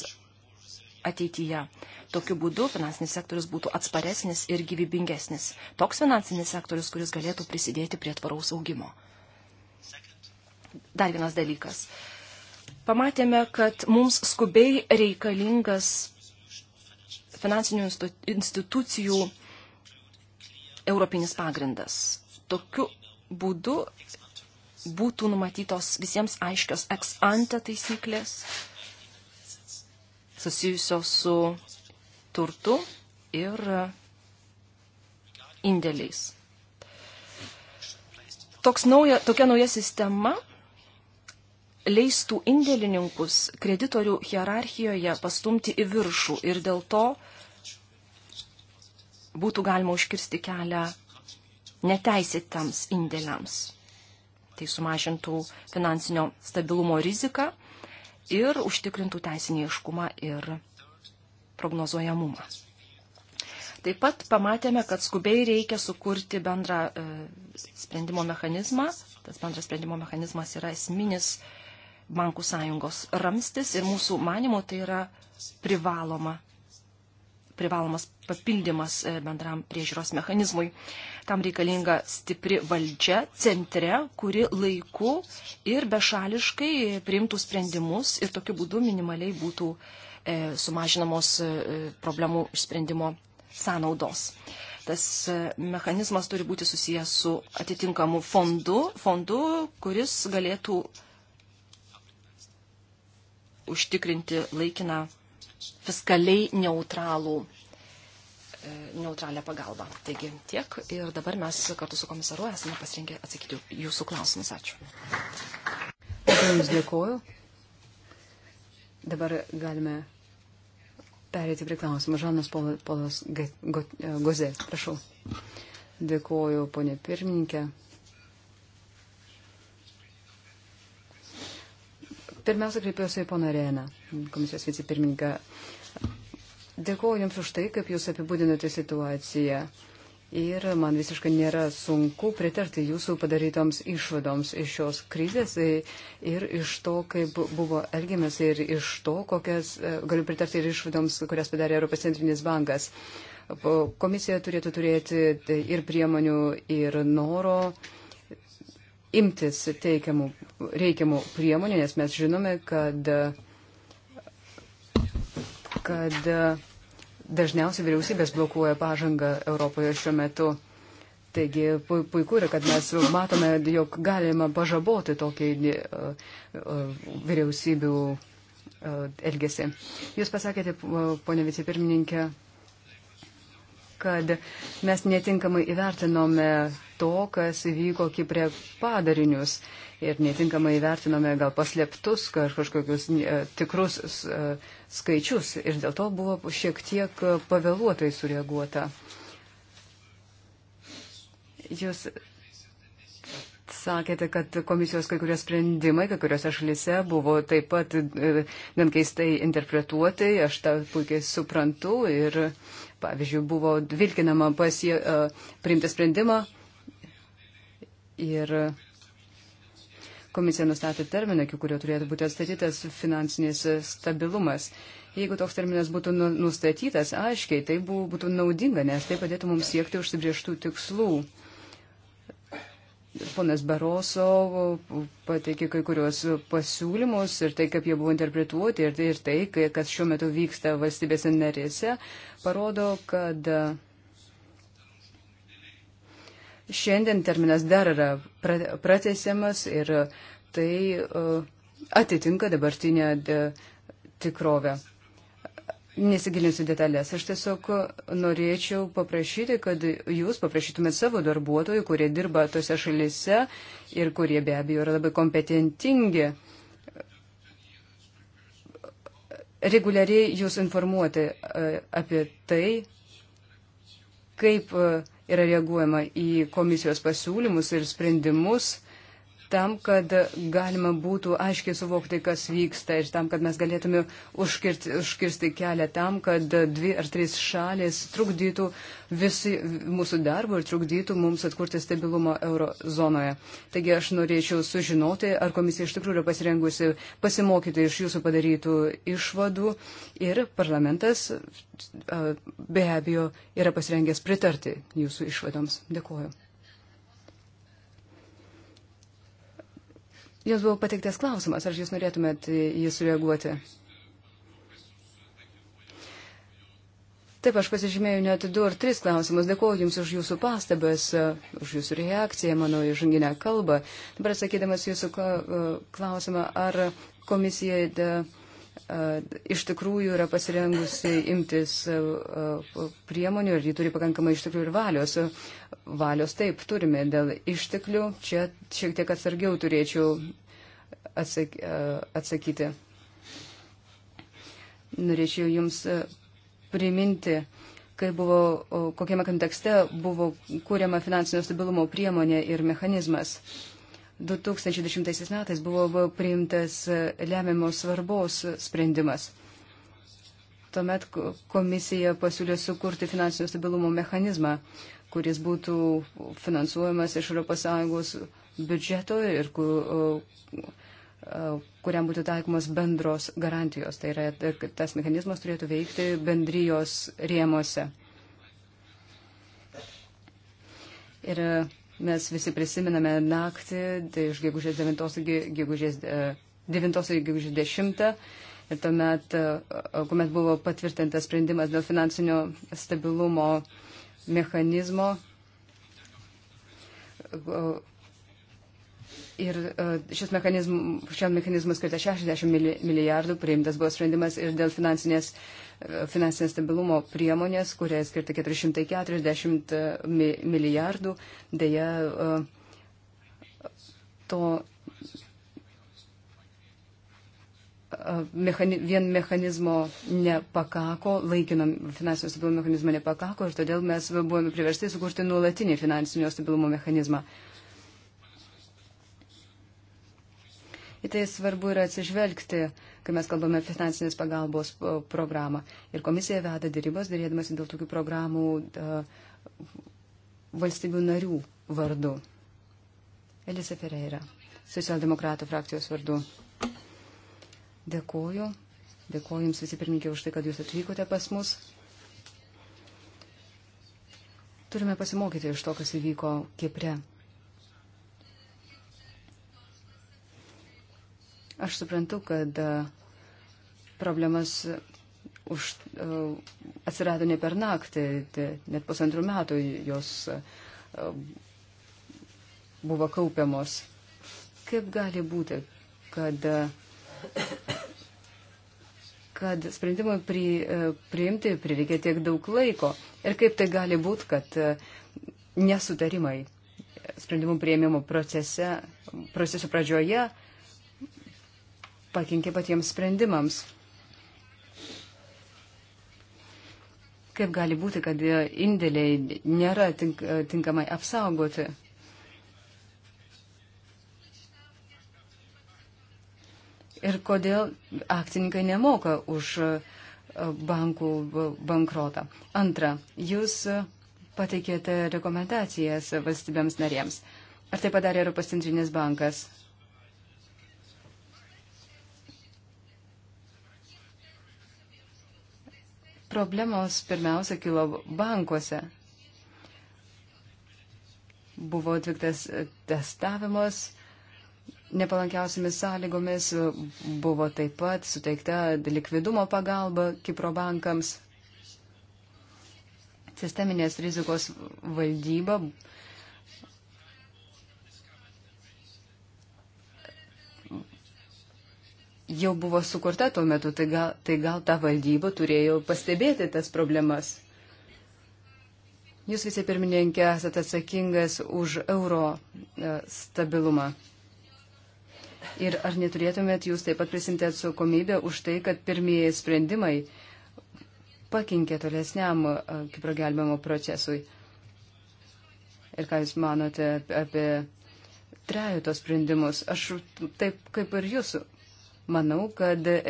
ateityje. Tokiu būdu finansinis sektorius būtų atsparesnis ir gyvybingesnis. Toks finansinis sektorius, kuris galėtų prisidėti prie tvaraus augimo. Dar vienas dalykas. Pamatėme, kad mums skubiai reikalingas finansinių institucijų europinis pagrindas. Tokiu būdu būtų numatytos visiems aiškios ex ante taisyklės, susijusios su turtu ir indėliais. Toks nauja, tokia nauja sistema leistų indėlininkus kreditorių hierarchijoje pastumti į viršų ir dėl to būtų galima užkirsti kelią neteisėtams indėliams. Tai sumažintų finansinio stabilumo riziką ir užtikrintų teisinį iškumą ir prognozuojamumą. Taip pat pamatėme, kad skubiai reikia sukurti bendrą e, sprendimo mechanizmą. Tas bendras sprendimo mechanizmas yra esminis bankų sąjungos ramstis ir mūsų manimo tai yra privaloma privalomas papildymas e, bendram priežiūros mechanizmui. Tam reikalinga stipri valdžia centre, kuri laiku ir bešališkai priimtų sprendimus ir tokiu būdu minimaliai būtų e, sumažinamos e, problemų išsprendimo sąnaudos. Tas mechanizmas turi būti susijęs su atitinkamu fondu, fondu kuris galėtų užtikrinti laikiną fiskaliai neutralų e, neutralią pagalbą. Taigi tiek ir dabar mes kartu su komisaru esame pasirinkę atsakyti jūsų klausimus. Ačiū. Labai Jums dėkoju. Dabar galime perėti prie klausimų. Žanas Polas Gozė, prašau. Dėkoju, ponė pirmininkė. Pirmiausia, kreipiuosi į poną Reną, komisijos vicepirmininką. Dėkuoju Jums už tai, kaip Jūs apibūdinote situaciją. Ir man visiškai nėra sunku pritarti Jūsų padarytoms išvadoms iš šios krizės ir iš to, kaip buvo elgiamas ir iš to, kokias, e, galiu pritarti ir išvadoms, kurias padarė Europos centrinis bankas. Komisija turėtų turėti e, ir priemonių, ir noro imtis teikiamų, reikiamų priemonių, nes mes žinome, kad, kad dažniausiai vyriausybės blokuoja pažangą Europoje šiuo metu. Taigi puiku yra, kad mes matome, jog galima pažaboti tokį e, e, vyriausybių e, elgesį. Jūs pasakėte, ponė vicepirmininkė, kad mes netinkamai įvertinome to, kas vyko Kiprė padarinius ir netinkamai vertinome gal paslėptus kažkokius e, tikrus e, skaičius ir dėl to buvo šiek tiek pavėluotai sureaguota. Jūs sakėte, kad komisijos kai kurie sprendimai, kai kuriuose šalyse buvo taip pat e, gan keistai interpretuoti, aš tą puikiai suprantu ir, pavyzdžiui, buvo vilkinama pasie, priimti sprendimą Ir komisija nustatė terminą, iki kurio turėtų būti atstatytas finansinis stabilumas. Jeigu toks terminas būtų nu, nustatytas aiškiai, tai būtų naudinga, nes tai padėtų mums siekti užsibrieštų tikslų. Ponas Baroso pateikė kai kurios pasiūlymus ir tai, kaip jie buvo interpretuoti ir tai, ir tai kas šiuo metu vyksta valstybėse narėse, parodo, kad Šiandien terminas dar yra pratesiamas ir tai e, atitinka dabartinę e, tikrovę. Nesigilinsiu detalės. Aš tiesiog norėčiau paprašyti, kad jūs paprašytumėt savo darbuotojų, kurie dirba tose šalise ir kurie be abejo yra labai kompetentingi, reguliariai jūs informuoti e, apie tai, kaip uh, yra reaguojama į komisijos pasiūlymus ir sprendimus tam, kad galima būtų aiškiai suvokti, kas vyksta ir tam, kad mes galėtume užkirti, užkirsti kelią tam, kad dvi ar trys šalės trukdytų visi mūsų darbą ir trukdytų mums atkurti stabilumą eurozonoje. Taigi aš norėčiau sužinoti, ar komisija iš tikrųjų yra pasirengusi pasimokyti iš jūsų padarytų išvadų ir parlamentas be abejo yra pasirengęs pritarti jūsų išvadoms. Dėkuoju. Jums buvo pateiktas klausimas, ar jūs norėtumėt jį sureaguoti? Taip, aš pasižymėjau net du ar tris klausimus. Dėkuoju Jums už Jūsų pastabas, už Jūsų reakciją, mano įžanginę kalbą. Dabar atsakydamas Jūsų klausimą, ar komisija E, iš tikrųjų yra pasirengusi imtis e, e, priemonių ir ji turi pakankamai išteklių ir valios. Valios taip turime dėl išteklių, čia šiek tiek atsargiau turėčiau atsak atsakyti. Norėčiau Jums priminti, kaip buvo, kokiame kontekste buvo kūriama finansinio stabilumo priemonė ir mechanizmas. Uh, 2010 metais buvo priimtas e, lemiamos svarbos sprendimas. Tuomet komisija pasiūlė sukurti finansinio stabilumo mechanizmą, kuris būtų finansuojamas iš ES biudžeto ir kuriam būtų taikomas bendros garantijos. Tai yra, e, tas mechanizmas turėtų veikti bendrijos rėmose. Ir Mes visi prisiminame naktį tai iš gegužės 9 iki gegužės, 9 e, iki gegužės 10. Ir tuomet, e, kuomet buvo patvirtintas sprendimas dėl finansinio stabilumo mechanizmo. Ir e, šis mechanizmas, šiam mechanizmui skirta 60 milijardų, priimtas buvo sprendimas ir dėl finansinės uh, finansinio stabilumo priemonės, kurie skirta 440 milijardų, dėja e, to e, mechani, vien mechanizmo nepakako, laikino finansinio stabilumo mechanizmo nepakako ir todėl mes buvome priversti sukurti nuolatinį finansinio stabilumo mechanizmą. Uh, Į tai svarbu yra atsižvelgti, kai mes kalbame finansinės pagalbos programą. Ir komisija veda dėrybas, dėrėdamasi dėl tokių programų valstybių narių vardu. Elisa Ferreira, socialdemokratų frakcijos vardu. Dėkuoju. Dėkuoju Jums visi pirmininkė už tai, kad Jūs atvykote pas mus. Turime pasimokyti iš to, kas įvyko Kipre. Aš suprantu, kad e, problemas už, e, atsirado ne per naktį, tai net pusantrų metų jos e, buvo kaupiamos. Kaip gali būti, kad, kad sprendimui pri, priimti prireikia tiek daug laiko? Ir kaip tai gali būti, kad nesutarimai sprendimų prieimimo procese, proceso pradžioje pakenkė patiems sprendimams. Kaip gali būti, kad indėliai nėra tink, tinkamai apsaugoti? Ir kodėl akcininkai nemoka už e, bankų bankrotą? Antra, jūs pateikėte rekomendacijas valstybėms narėms. Ar tai padarė Europos centrinis bankas? problemos pirmiausia kilo bankuose. Buvo atliktas testavimas nepalankiausiamis sąlygomis, buvo taip pat suteikta likvidumo pagalba Kipro bankams. Sisteminės rizikos valdyba jau buvo sukurta tuo metu, tai gal, tai gal ta valdyba turėjo pastebėti tas problemas. Jūs visi pirmininkė esate atsakingas už euro e, stabilumą. Ir ar neturėtumėt jūs taip pat prisimti atsakomybę už tai, kad pirmieji sprendimai pakinkė tolesniam e, Kipro gelbėjimo procesui? Ir ką jūs manote apie trejato sprendimus? Aš taip kaip ir jūsų Manau, kad e,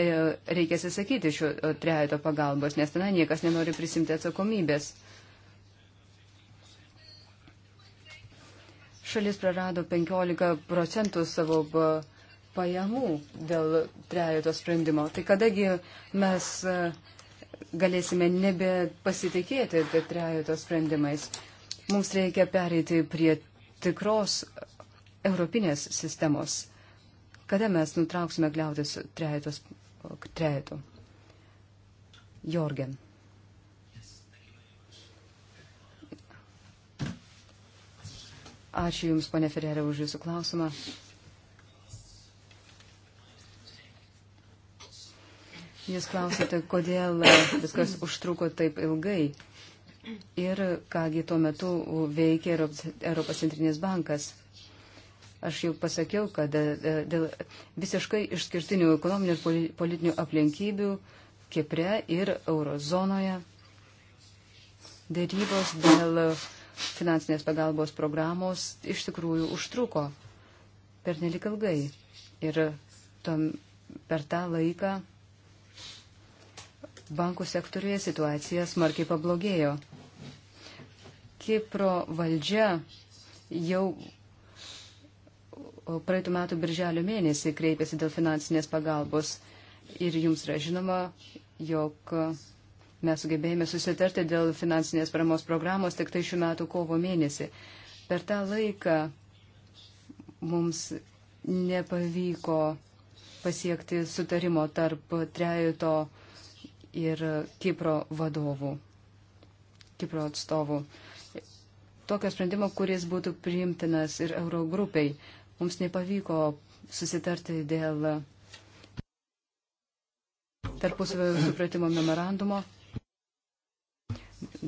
reikia atsisakyti šio e, trejato pagalbos, nes ten niekas nenori prisimti atsakomybės. Šalis prarado 15 procentų savo e, pajamų dėl trejato sprendimo. Tai kadagi mes galėsime nebepasitikėti trejato sprendimais. Mums reikia pereiti prie tikros europinės sistemos Kada mes nutrauksime gliautis trejetos, trejetų? Jorgen. Ačiū Jums, ponė Ferrerė, už Jūsų klausimą. Jūs klausėte, kodėl viskas užtruko taip ilgai ir kągi tuo metu veikė Europos centrinės bankas. Aš jau pasakiau, kad e, e, dėl visiškai išskirtinių ekonominių ir politinių aplinkybių Kipre ir Eurozonoje dėrybos dėl finansinės pagalbos programos iš tikrųjų užtruko per nelik ilgai. Ir tom, per tą laiką bankų sektoriuje situacija smarkiai pablogėjo. Kipro valdžia jau praeitų metų birželio mėnesį kreipėsi dėl finansinės pagalbos ir jums yra žinoma, jog mes sugebėjome susitarti dėl finansinės paramos programos tik tai šių metų kovo mėnesį. Per tą laiką mums nepavyko pasiekti sutarimo tarp trejato ir Kipro vadovų, Kipro atstovų tokio sprendimo, kuris būtų priimtinas ir Eurogrupiai. Mums nepavyko susitarti dėl tarpusavio supratimo memorandumo,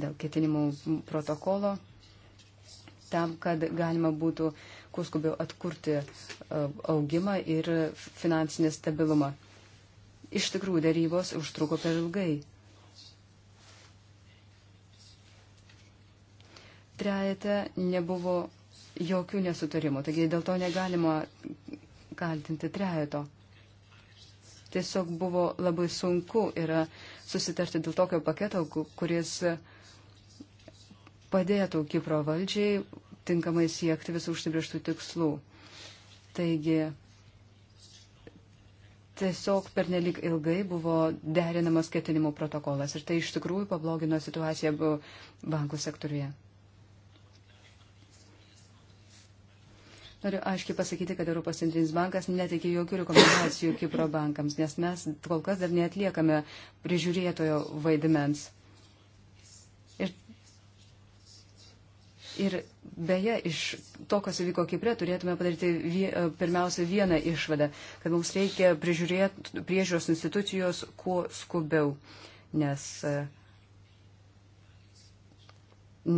dėl ketinimų protokolo, tam, kad galima būtų kuskubiau atkurti e, augimą ir finansinį stabilumą. Iš tikrųjų, darybos užtruko per ilgai. Trejate nebuvo jokių nesutarimų, taigi dėl to negalima kaltinti trejeto. Tiesiog buvo labai sunku yra susitarti dėl tokio paketo, kuris padėtų Kipro valdžiai tinkamai siekti visų užsibrieštų tikslų. Taigi tiesiog pernelik ilgai buvo derinamas ketinimų protokolas ir tai iš tikrųjų pablogino situaciją bankų sektoriuje. Noriu aiškiai pasakyti, kad Europos centrinis bankas netikė jokių rekomendacijų Kipro bankams, nes mes kol kas dar neatliekame prižiūrėtojo vaidmens. Ir, ir beje, iš to, kas įvyko Kiprė, turėtume padaryti vie, e, pirmiausia vieną išvadą, kad mums reikia priežiūros institucijos kuo skubiau, nes, e,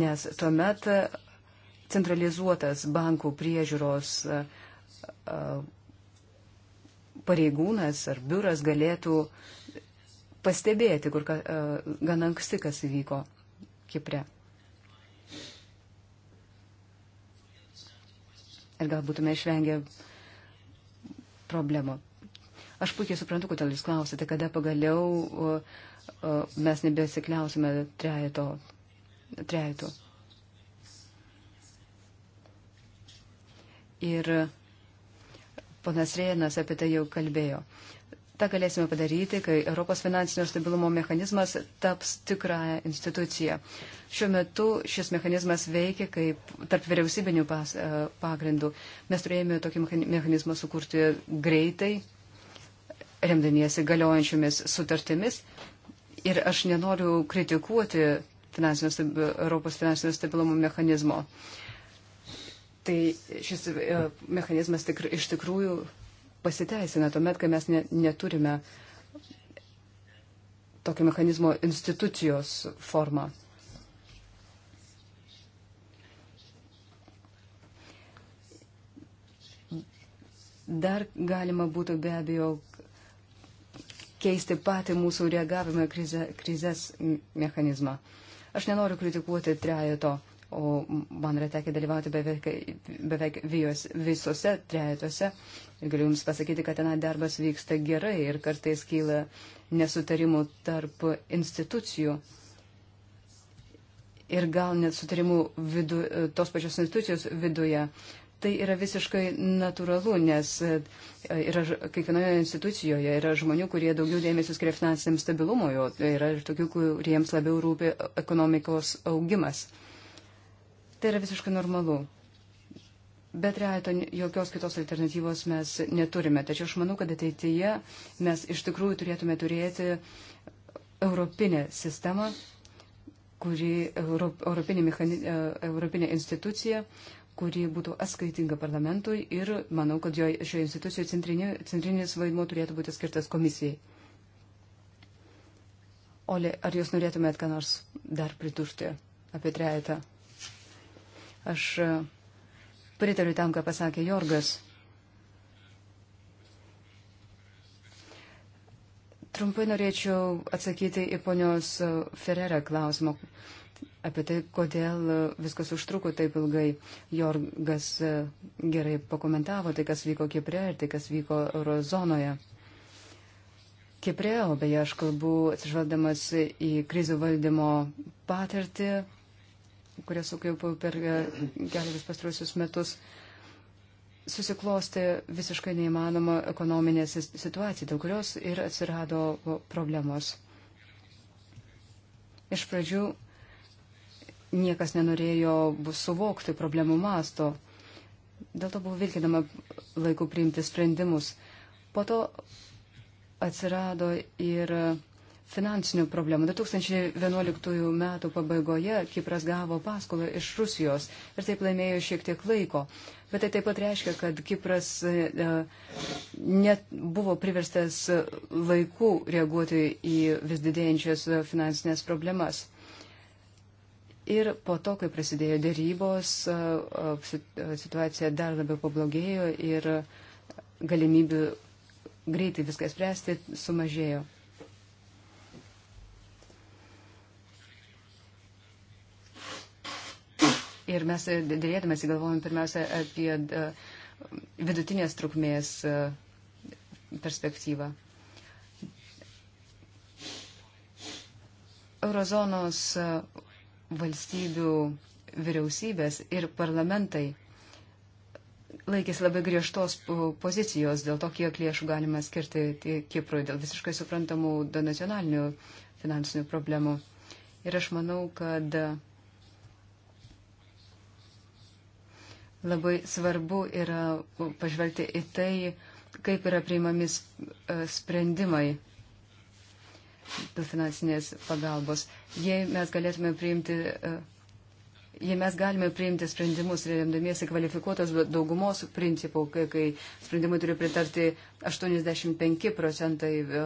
nes tuomet centralizuotas bankų priežiūros pareigūnas ar biuras galėtų pastebėti, kur gan anksti kas įvyko Kipre. Ir gal būtume išvengę problemų. Aš puikiai suprantu, kodėl jūs klausėte, kada pagaliau mes nebesikliausime trejeto. trejeto. ir ponas Rėjanas apie tai jau kalbėjo. Ta galėsime padaryti, kai Europos finansinio stabilumo mechanizmas taps tikrąją instituciją. Šiuo metu šis mechanizmas veikia kaip tarp vyriausybinių pas, e, pagrindų. Mes turėjome tokį mechanizmą sukurti greitai, remdamiesi galiojančiomis sutartimis. Ir aš nenoriu kritikuoti finansinio, Europos finansinio stabilumo mechanizmo. Uh, tai šis e, mechanizmas tikr, iš tikrųjų pasiteisina tuomet, kai mes ne, neturime tokio mechanizmo institucijos formą. Dar galima būtų be abejo keisti patį mūsų reagavimą krize, krizės mechanizmą. Aš nenoriu kritikuoti trejeto o man yra tekę dalyvauti beveik, beveik vijos, visose trejetose. Ir galiu Jums pasakyti, kad ten darbas vyksta gerai ir kartais kyla nesutarimų tarp institucijų. Ir gal net sutarimų vidu, tos pačios institucijos viduje, tai yra visiškai natūralu, nes e, yra, kiekvienoje institucijoje yra žmonių, kurie daugiau dėmesio skiria finansiniam stabilumui, o tai yra ir tokių, kuriems labiau rūpi ekonomikos augimas. Tai yra visiškai normalu. Bet reato jokios kitos alternatyvos mes neturime. Tačiau aš manau, kad ateityje mes iš tikrųjų turėtume turėti europinę sistemą, kuri, europinė, mechani, e, europinė institucija, kuri būtų atskaitinga parlamentui ir manau, kad jo, šioje institucijoje centrinė, centrinis vaidmo turėtų būti skirtas komisijai. Oli, ar jūs norėtumėt ką nors dar pridurti apie trejetą? Aš e, pritariu tam, ką pasakė Jorgas. Trumpai norėčiau atsakyti į ponios e, Ferrerą klausimą apie tai, kodėl e, viskas užtruko taip ilgai. Jorgas gerai pakomentavo tai, kas vyko Kiprė ir tai, kas vyko Eurozonoje. Kiprė, o beje, aš kalbu atsižvelgdamas į krizių valdymo patirtį, kurią sukaupiau per e, kelius pastruosius metus, susiklosti visiškai neįmanoma ekonominė situacija, dėl kurios ir atsirado problemos. Iš pradžių niekas nenorėjo suvokti problemų masto, dėl to buvo vilkinama laiku priimti sprendimus. Po to atsirado ir finansinių problemų. 2011 metų pabaigoje Kipras gavo paskolą iš Rusijos ir taip laimėjo šiek tiek laiko. Bet tai taip pat reiškia, kad Kipras e, e, net buvo priverstas laiku reaguoti į vis didėjančias finansinės problemas. Ir po to, kai prasidėjo dėrybos, e, situacija dar labiau pablogėjo ir galimybių greitai viską spręsti sumažėjo. Ir mes dėlėdamės įgalvojame pirmiausia apie e, vidutinės trukmės e, perspektyvą. Eurozonos e, valstybių vyriausybės ir parlamentai laikėsi labai griežtos pozicijos dėl to, kiek lėšų galima skirti tai Kiprui dėl visiškai suprantamų nacionalinių finansinių problemų. Ir aš manau, kad Labai svarbu yra pažvelgti į tai, kaip yra priimami e, sprendimai dėl finansinės pagalbos. Jei mes galėtume priimti, e, jei mes galime priimti sprendimus remdamiesi kvalifikuotos daugumos principų, kai, kai sprendimai turi pritarti 85 procentai e,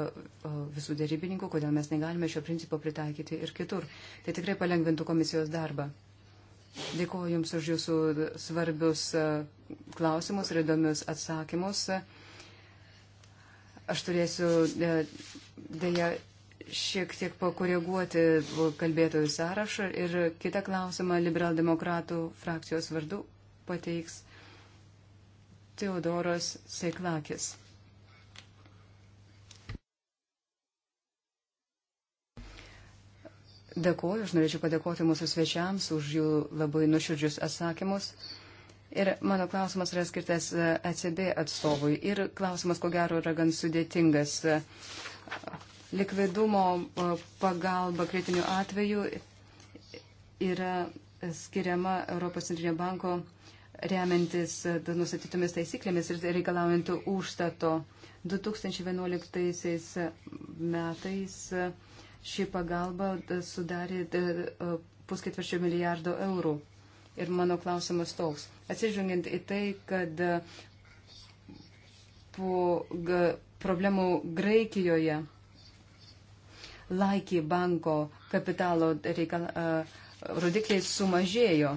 visų dėrybininkų, kodėl mes negalime šio principo pritaikyti ir kitur. Tai tikrai palengvintų komisijos darbą. Dėkuoju Jums už Jūsų svarbius e, klausimus ir įdomius atsakymus. Aš turėsiu e, dėja šiek tiek pakoreguoti kalbėtojų sąrašą ir kitą klausimą liberaldemokratų frakcijos vardu pateiks Teodoras Seiklakis. Dėkuoju, aš norėčiau padėkoti mūsų svečiams už jų labai nuširdžius atsakymus. Ir mano klausimas yra skirtas ECB e atstovui. Ir klausimas, ko gero, yra gan sudėtingas. Likvidumo e, pagalba kritiniu atveju yra skiriama Europos centrinio banko remiantis e, nusatytomis taisyklėmis ir reikalaujant užstato. 2011 metais ši pagalba e, sudarė e, e, pusketvirčio milijardo eurų. Ir mano klausimas toks. Atsižvelgiant į tai, kad po problemų Graikijoje laikį banko kapitalo reikal, rodikliai sumažėjo.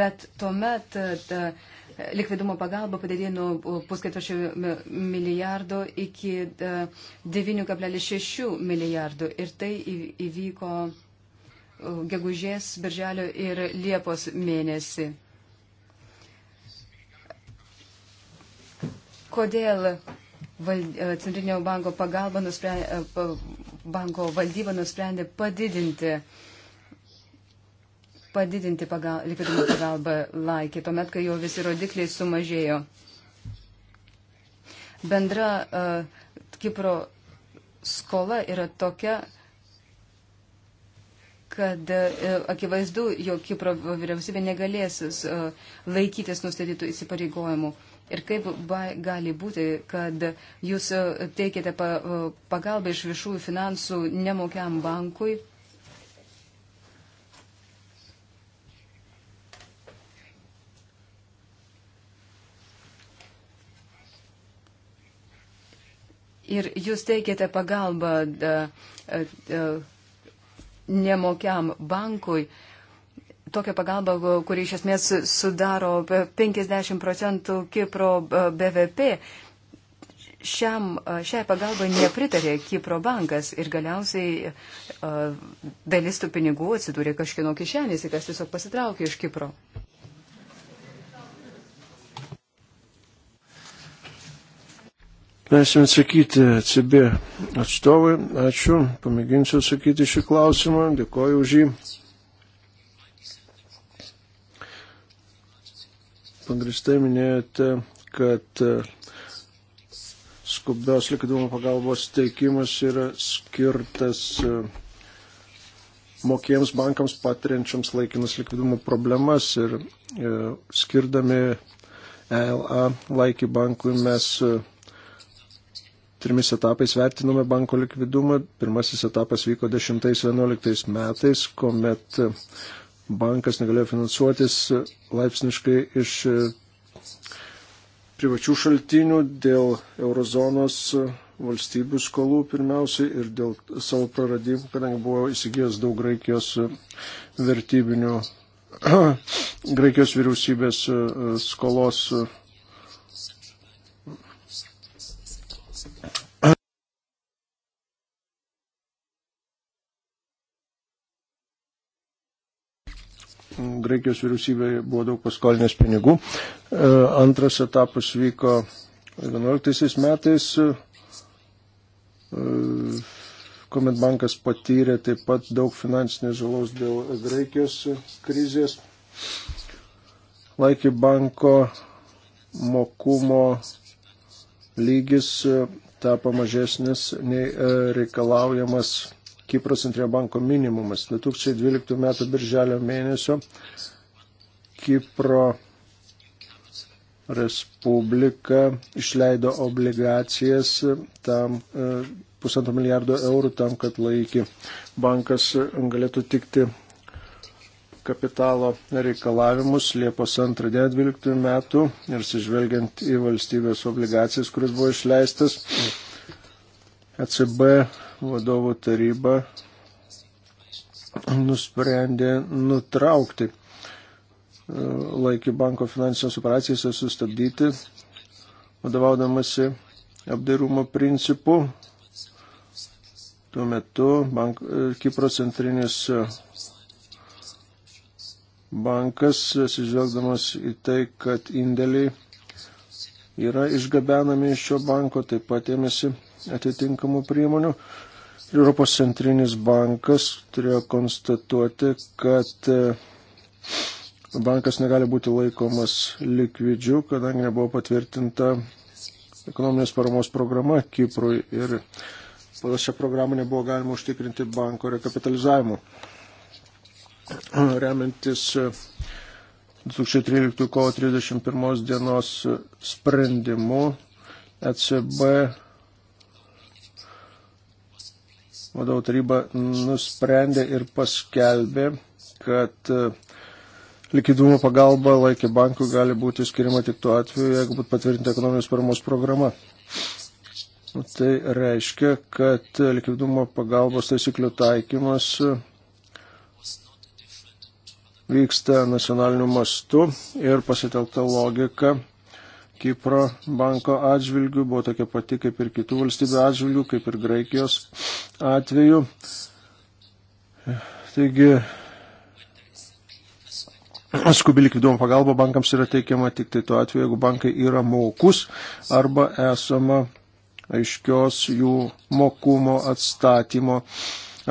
Bet tuomet ta, likvidumo pagalba padidėjo nuo pusketvirčio milijardo iki 9,6 e, milijardų. Ir tai įvyko e, gegužės, birželio ir liepos mėnesį. Kodėl e, Centrinio banko, nusprendė, banko valdyba nusprendė padidinti uh, padidinti pagal, likvidumo pagalbą laikį, tuomet, kai jau visi rodikliai sumažėjo. Bendra uh, Kipro skola yra tokia, kad uh, akivaizdu, jog Kipro vyriausybė negalės uh, laikytis nustatytų įsipareigojimų. Ir kaip gali būti, kad jūs uh, teikėte pagalbą iš viešųjų finansų nemokiam bankui, Ir jūs teikėte pagalbą da, e, da, nemokiam bankui, tokią pagalbą, kuri iš esmės sudaro 50 procentų Kipro e, BVP. Šiam, e, šiai pagalbai nepritarė Kipro bankas ir galiausiai dalis tų pinigų atsidūrė kažkieno kišenėse, kas tiesiog pasitraukė iš Kipro. Leisim atsakyti CB atstovai. Ačiū. Pamėginsiu atsakyti šį klausimą. Dėkoju už jį. Pagristai minėjote, kad skubios likvidumo pagalbos teikimas yra skirtas mokėjams bankams patiriančiams laikinas likvidumo problemas ir e, skirdami ELA laikį bankui mes trimis etapais vertinome banko likvidumą. Pirmasis etapas vyko 10-11 metais, kuomet bankas negalėjo finansuotis laipsniškai iš e, privačių šaltinių dėl eurozonos valstybių skolų pirmiausiai ir dėl savo praradimų, kadangi buvo įsigijęs daug Graikijos vertybinių, Graikijos vyriausybės e, skolos Graikijos vyriausybė buvo daug paskolinės pinigų. E, antras etapas vyko 11 metais, e, kuomet bankas patyrė taip pat daug finansinės žalos dėl Graikijos krizės. Laikį banko mokumo lygis e, tapo mažesnis nei reikalaujamas Kipro centrinio banko minimumas. 2012 m. birželio mėnesio Kipro Respublika išleido obligacijas tam e, pusantro milijardo eurų tam, kad laikį bankas galėtų tikti kapitalo reikalavimus Liepos 2.12 metų ir sižvelgiant į valstybės obligacijas, kuris buvo išleistas. Mm ECB vadovų taryba nusprendė nutraukti e, laikį banko finansinės operacijas ir sustabdyti, vadovaudamasi apdairumo principu. Tuo metu bank, e, Kipro centrinis e, bankas, atsižvelgdamas į tai, kad indėliai yra išgabenami iš šio banko, taip pat ėmėsi atitinkamų priemonių. Europos centrinis bankas turėjo konstatuoti, kad e, bankas negali būti laikomas likvidžiu, kadangi nebuvo patvirtinta ekonominės paramos programa Kiprui ir pagal šią programą nebuvo galima užtikrinti banko rekapitalizavimo. Remiantis 2013 e, kovo 31 dienos sprendimu ECB vadovų taryba nusprendė ir paskelbė, kad e, likvidumo pagalba laikė bankų gali būti skiriama tik tuo atveju, jeigu būtų patvirtinta ekonominės paramos programa. Tai reiškia, kad likvidumo pagalbos taisyklių taikymas e, vyksta nacionaliniu mastu ir pasitelkta logika Kipro banko atžvilgių, buvo tokia pati kaip ir kitų valstybių atžvilgių, kaip ir Graikijos atveju. Taigi, skubi likvidumo pagalba bankams yra teikiama tik tai tuo atveju, jeigu bankai yra mokus arba esama aiškios jų mokumo atstatymo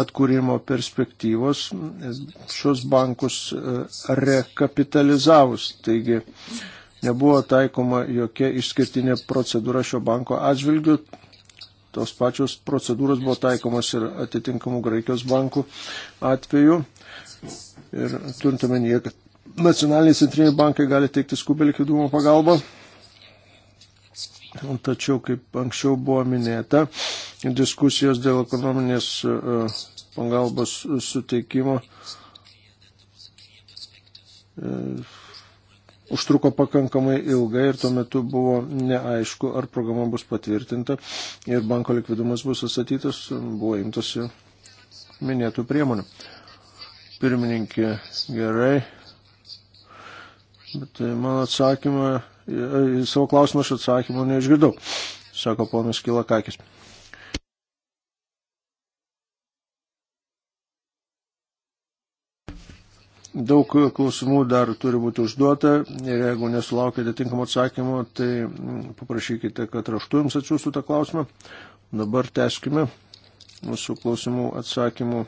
atkūrimo perspektyvos šios bankus rekapitalizavus. Taigi, nebuvo taikoma jokia išskirtinė procedūra šio banko atžvilgiu. Tos pačios procedūros buvo taikomas ir atitinkamų Graikijos bankų atveju. Ir turint omenyje, kad nacionaliniai centriniai bankai gali teikti skubę likvidumo pagalbą. Tačiau, kaip anksčiau buvo minėta, diskusijos dėl ekonominės e, pagalbos suteikimo e, užtruko pakankamai ilgai ir tuo metu buvo neaišku, ar programa bus patvirtinta ir banko likvidumas bus atstatytas, buvo imtasi minėtų priemonių. Pirmininkė, gerai. Bet tai mano atsakymą, į savo klausimą aš atsakymą neišgirdau, sako ponas Kilakakis. Daug klausimų dar turi būti užduota ir jeigu nesulaukite tinkamo atsakymo, tai paprašykite, kad raštu jums atsiųstų tą klausimą. Dabar teskime mūsų klausimų atsakymų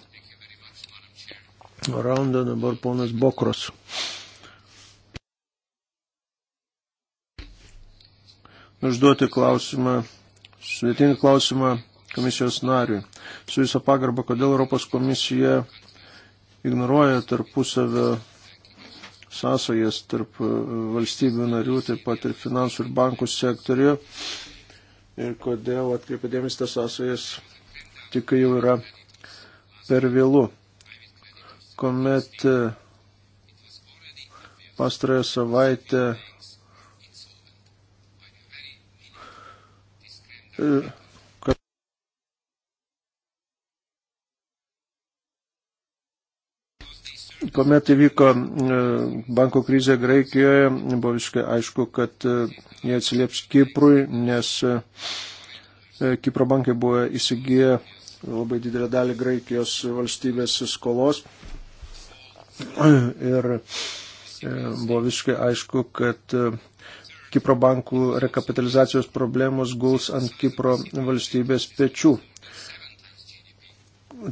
raundą. Dabar ponas Bokros. Užduoti klausimą, sudėtinį klausimą komisijos nariui. Su viso pagarba, kodėl Europos komisija ignoruoja tarpusavio sąsajas tarp e, valstybių narių, taip pat ir finansų ir bankų sektoriuje. Ir kodėl atkreipia dėmesį tas sąsajas, tik jau yra per vėlų. Komet e, pastarąją savaitę e, kuomet įvyko e, banko krizė Graikijoje, buvo visiškai aišku, kad e, jie atsilieps Kiprui, nes e, Kipro bankai buvo įsigiję labai didelę dalį Graikijos valstybės skolos. Ir buvo visiškai aišku, kad Kipro bankų rekapitalizacijos problemos guls ant Kipro valstybės pečių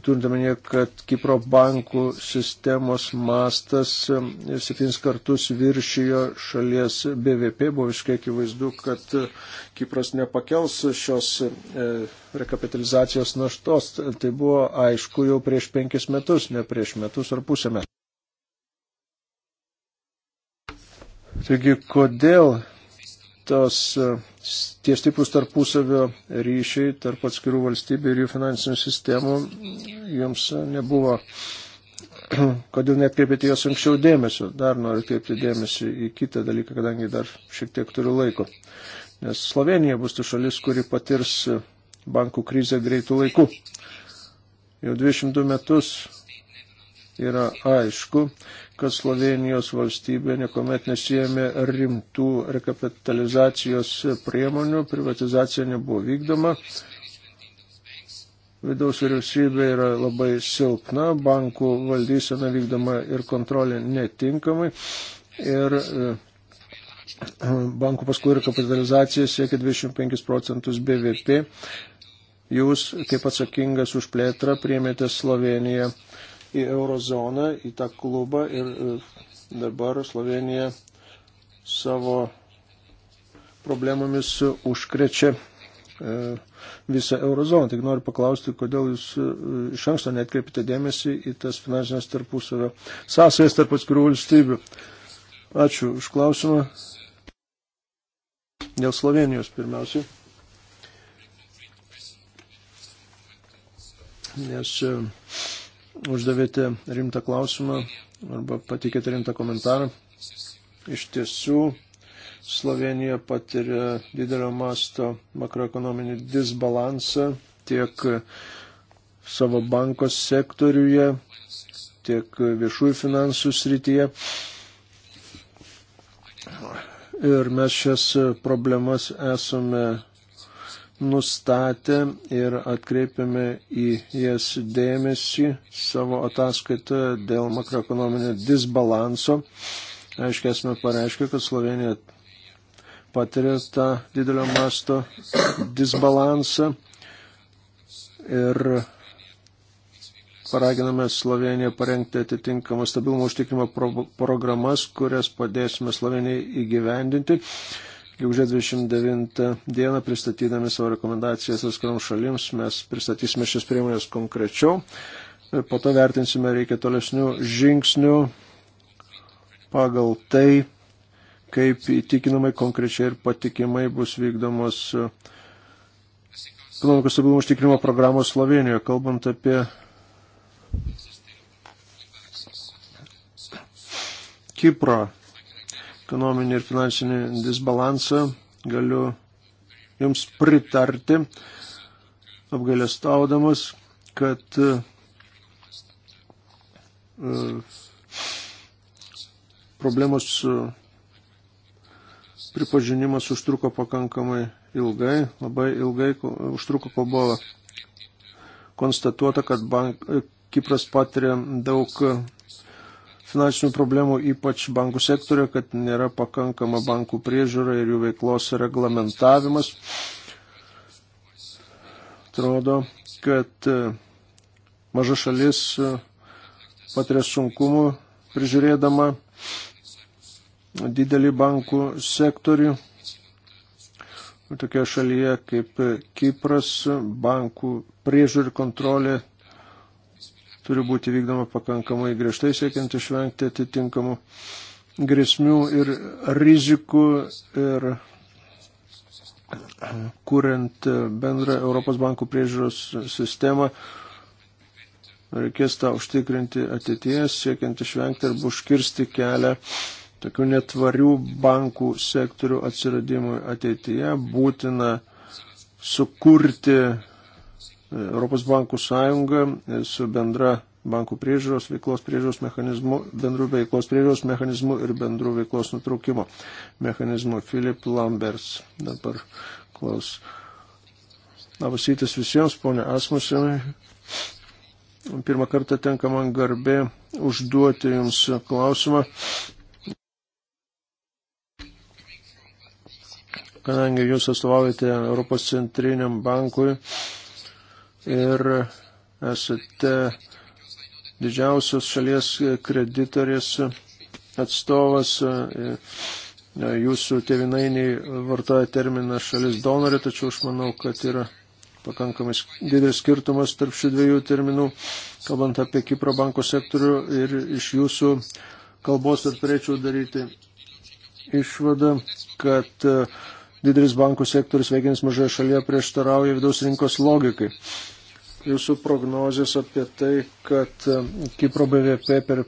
turint omenyje, kad Kipro bankų sistemos mastas septynis kartus viršijo šalies BVP, buvo visiškai akivaizdu, kad e, Kipras nepakels šios e, rekapitalizacijos naštos. Tai buvo aišku jau prieš penkis metus, ne prieš metus ar pusę metų. Taigi, kodėl tos uh, tie stiprus tarpusavio ryšiai tarp atskirų valstybių ir jų finansinių sistemų jums nebuvo, kodėl netkreipėte jos anksčiau dėmesio. Dar noriu kreipti dėmesį į kitą dalyką, kadangi dar šiek tiek turiu laiko. Nes Slovenija bus ta šalis, kuri patirs bankų krizę greitų laikų. Jau 22 metus yra aišku, kad Slovenijos valstybė niekuomet nesijėmė rimtų rekapitalizacijos priemonių, privatizacija nebuvo vykdoma. Vidaus vyriausybė yra labai silpna, bankų valdysena vykdoma ir kontrolė netinkamai. Ir e, bankų paskolų rekapitalizacija siekia 25 procentus BVP. Jūs, kaip atsakingas už plėtrą, priemėte Sloveniją į eurozoną, į tą klubą ir e, dabar Slovenija savo problemomis užkrečia e, visą eurozoną. Tik noriu paklausti, kodėl jūs e, iš anksto netkreipite dėmesį į tas finansinės tarpusavio sąsajas tarp atskirų valstybių. Ačiū už klausimą. Dėl Slovenijos pirmiausiai. Nes uždavėte rimtą klausimą arba patikėte rimtą komentarą. Iš tiesų, Slovenija patiria didelio masto makroekonominį disbalansą tiek savo bankos sektoriuje, tiek viešųjų finansų srityje. Ir mes šias problemas esame nustatė ir atkreipėme į jas dėmesį savo ataskaitoje dėl makroekonominio disbalanso. Aiškiai esame pareiškę, kad Slovenija patiria tą didelio masto disbalansą ir paraginame Sloveniją parengti atitinkamą stabilumo užtikrimo pro programas, kurias padėsime Slovenijai įgyvendinti. Gegužės 29 dieną pristatydami savo rekomendacijas atskiroms šalims mes pristatysime šias priemonės konkrečiau. Po to vertinsime reikia tolesnių žingsnių pagal tai, kaip įtikinamai konkrečiai ir patikimai bus vykdomos e, ekonomikos stabilumo užtikrimo programos Slovenijoje. Kalbant apie Kiprą, ekonominį ir finansinį disbalansą, galiu Jums pritarti, apgailestaudamas, kad e, problemos e, pripažinimas užtruko pakankamai ilgai, labai ilgai užtruko, kol buvo konstatuota, kad bank, e, Kipras patiria daug finansinių problemų, ypač bankų sektorio, kad nėra pakankama bankų priežiūra ir jų veiklos reglamentavimas. Atrodo, kad e, maža šalis e, patiria sunkumų prižiūrėdama didelį bankų sektorių. Tokia šalyje kaip Kipras bankų priežiūrį kontrolė turi būti vykdoma pakankamai griežtai, siekiant išvengti atitinkamų grėsmių ir rizikų ir kuriant bendrą Europos bankų priežiūros sistemą. Reikės tą užtikrinti ateities, siekiant išvengti arba užkirsti kelią tokių netvarių bankų sektorių atsiradimui ateityje būtina sukurti Europos bankų sąjunga e, su bendra bankų priežiūros veiklos priežiūros mechanizmu, bendrų veiklos priežiūros mechanizmu ir bendrų veiklos nutraukimo mechanizmu. Filip Lambers dabar klaus. Labas rytas visiems, ponė Asmusenai. Pirmą kartą tenka man garbė užduoti Jums klausimą. Kadangi Jūs atstovaujate Europos centriniam bankui, ir esate didžiausios šalies kreditorės atstovas. Jūsų tevinainiai vartoja terminą šalis donorė, tačiau aš manau, kad yra pakankamai didelis skirtumas tarp šių dviejų terminų, kalbant apie Kipro banko sektorių ir iš jūsų kalbos dar turėčiau daryti išvadą, kad e, didelis bankų sektorius veikiantis mažoje šalyje prieštarauja vidaus rinkos logikai. Uh, jūsų prognozijas apie tai, kad e, Kipro BVP per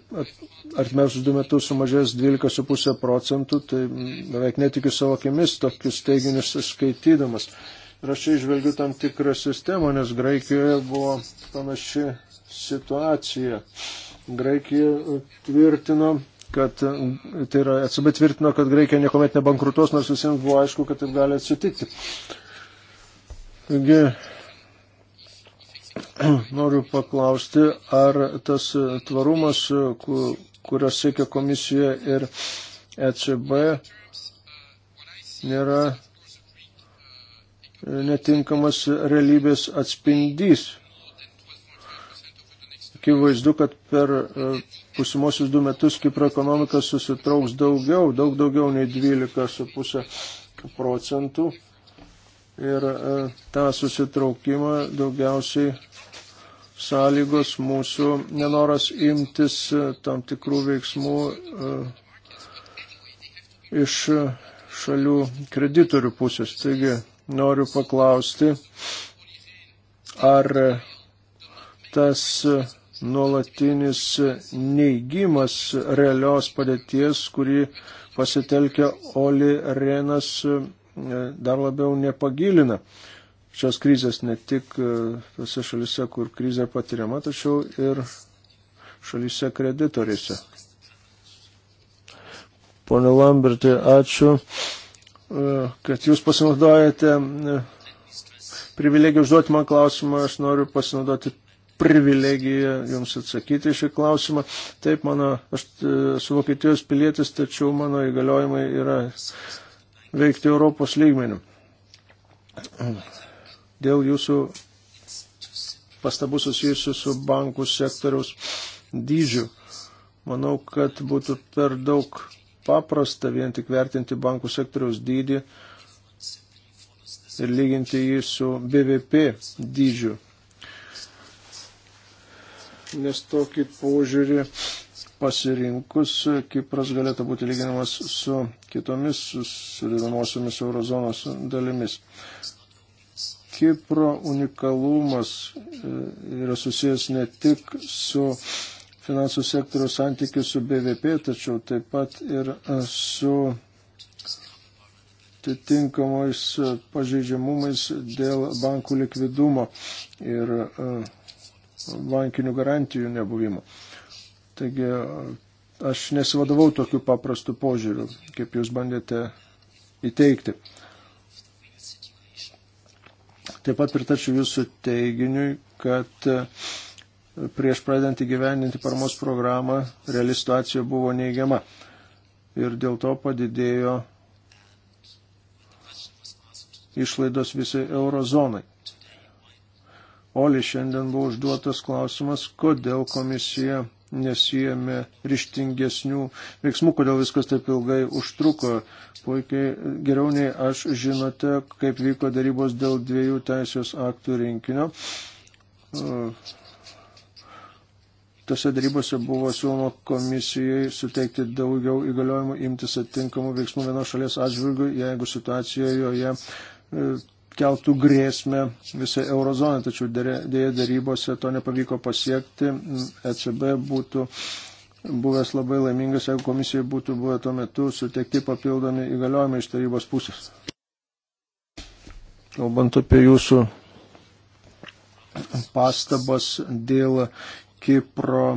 artimiausius du metus sumažės 12,5 procentų, tai beveik netikiu savo akimis tokius teiginius skaitydamas. Ir aš čia išvelgiu tam tikrą sistemą, nes Graikijoje buvo panaši situacija. Graikija e, tvirtino, kad, e, tai yra, ECB tvirtino, kad Graikija niekuomet nebankrutos, nors visiems buvo aišku, kad taip gali atsitikti. Taigi, noriu paklausti, ar tas tvarumas, kurios siekia komisija ir ECB, nėra netinkamas realybės atspindys. Akivaizdu, kad per e, pusimosius du metus Kipro ekonomika susitrauks daugiau, daug daugiau nei 12,5 procentų. Ir e, tą susitraukimą daugiausiai sąlygos, mūsų nenoras imtis e, tam tikrų veiksmų e, iš e, šalių kreditorių pusės. Taigi noriu paklausti, ar tas nuolatinis neigimas realios padėties, kurį pasitelkia Oli Renas, dar labiau nepagilina šios krizės ne tik e, tose šalise, kur krizė patiriama, tačiau ir šalise kreditorėse. Pone Lambertai, ačiū, e, kad jūs pasinaudojate e, privilegiją užduoti man klausimą. Aš noriu pasinaudoti privilegiją jums atsakyti šį klausimą. Taip, mano, aš su Vokietijos pilietis, tačiau mano įgaliojimai yra veikti Europos lygmenių dėl jūsų pastabų susijusių su bankų sektoriaus dydžiu. Manau, kad būtų per daug paprasta vien tik vertinti bankų sektoriaus dydį ir lyginti jį su BVP dydžiu. Nes tokį požiūrį pasirinkus Kipras galėtų būti lyginamas su kitomis sudėdamosiomis eurozonos dalimis. Kipro unikalumas e, yra susijęs ne tik su finansų sektoriaus santykiu su BVP, tačiau taip pat ir e, su atitinkamais pažeidžiamumais dėl bankų likvidumo ir e, bankinių garantijų nebuvimo. Taigi aš nesivadovau tokiu paprastu požiūriu, kaip jūs bandėte įteikti. Taip pat pritarčiau jūsų teiginiui, kad e, prieš pradedant įgyvendinti paramos programą reali situacija buvo neigiama. Ir dėl to padidėjo išlaidos visai eurozonai. Oli šiandien buvo užduotas klausimas, kodėl komisija nesijėmė ryštingesnių veiksmų, kodėl viskas taip ilgai užtruko. Puikiai geriau nei aš žinote, kaip vyko darybos dėl dviejų teisės aktų rinkinio. Tose darybose buvo siūloma komisijai suteikti daugiau įgaliojimų imtis atitinkamų veiksmų vienos šalies atžvilgių, jeigu situacijoje e, keltų grėsmę visai eurozonai, tačiau dėja darybose to nepavyko pasiekti. ECB būtų buvęs labai laimingas, jeigu komisijai būtų buvę tuo metu suteikti papildomi įgaliojimai iš tarybos pusės. Kalbant apie jūsų pastabas dėl Kipro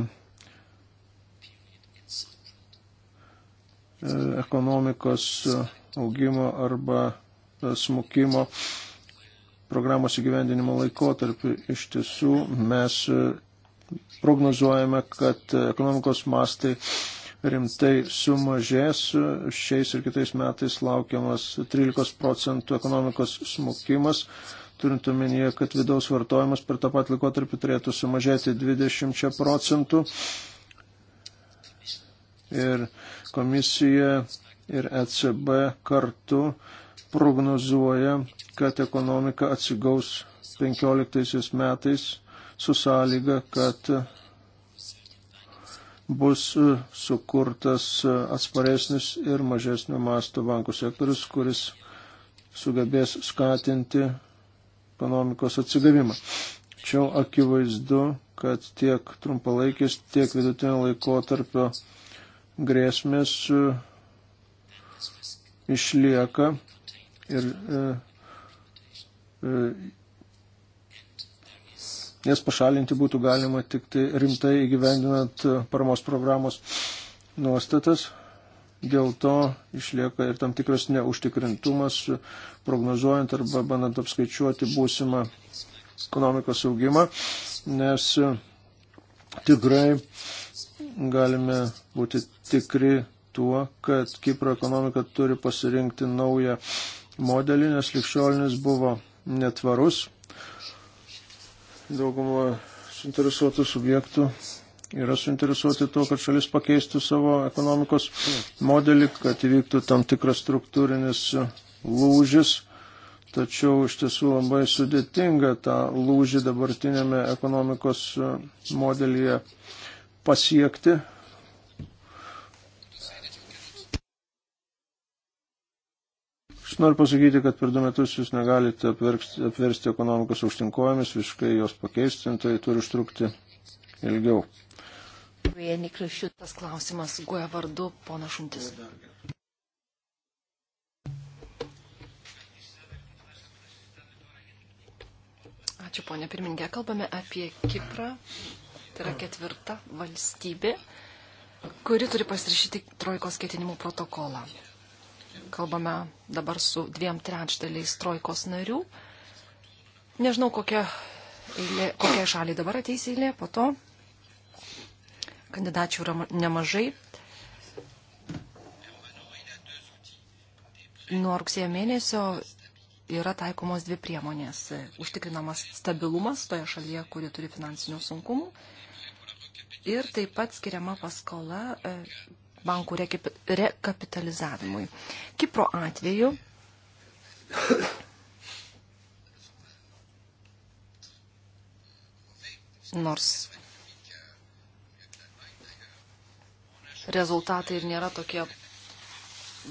e, ekonomikos augimo arba smukimo programos įgyvendinimo laikotarpiu. Iš tiesų mes e, prognozuojame, kad e, ekonomikos mastai rimtai sumažės. Šiais ir kitais metais laukiamas 13 procentų ekonomikos smukimas, turint omenyje, kad vidaus vartojimas per tą pat laikotarpį turėtų sumažėti 20 procentų. Ir komisija ir ECB kartu prognozuoja kad ekonomika atsigaus 15 metais su sąlyga, kad bus sukurtas atsparesnis ir mažesnio masto bankų sektorius, kuris sugebės skatinti ekonomikos atsigavimą. Tačiau akivaizdu, kad tiek trumpalaikis, tiek vidutinio laikotarpio grėsmės išlieka ir e, E, jas pašalinti būtų galima tik tai rimtai įgyvendinant e, paramos programos nuostatas. Dėl to išlieka ir tam tikras neužtikrintumas, e, prognozuojant arba bandant apskaičiuoti būsimą ekonomikos augimą, nes tikrai galime būti tikri tuo, kad Kipro ekonomika turi pasirinkti naują modelį, nes likščiolinis buvo netvarus. Dauguma suinteresuotų subjektų yra suinteresuoti tuo, kad šalis pakeistų savo ekonomikos modelį, kad įvyktų tam tikras struktūrinis lūžis. Tačiau iš tiesų labai sudėtinga tą lūžį dabartinėme ekonomikos modelyje pasiekti. Aš noriu pasakyti, kad per du metus jūs negalite apversti, apversti ekonomikos aukštinkojomis, visiškai jos pakeisti, tai turi užtrukti ilgiau. Vienikliu šitas klausimas guoja vardu, pona Šuntis. Ačiū, ponė pirmininkė. Kalbame apie Kiprą. Tai yra ketvirta valstybė, kuri turi pasirašyti Trojkos ketinimų protokolą. Kalbame dabar su dviem trečdaliais trojkos narių. Nežinau, kokia, eilė, kokia šaliai dabar ateis eilė, po to kandidačių yra nemažai. Nuo rugsėjo mėnesio yra taikomos dvi priemonės. Užtikrinamas stabilumas toje šalyje, kuri turi finansinių sunkumų. Ir taip pat skiriama paskola e, bankų rekapitalizavimui. Kipro atveju nors rezultatai ir nėra tokie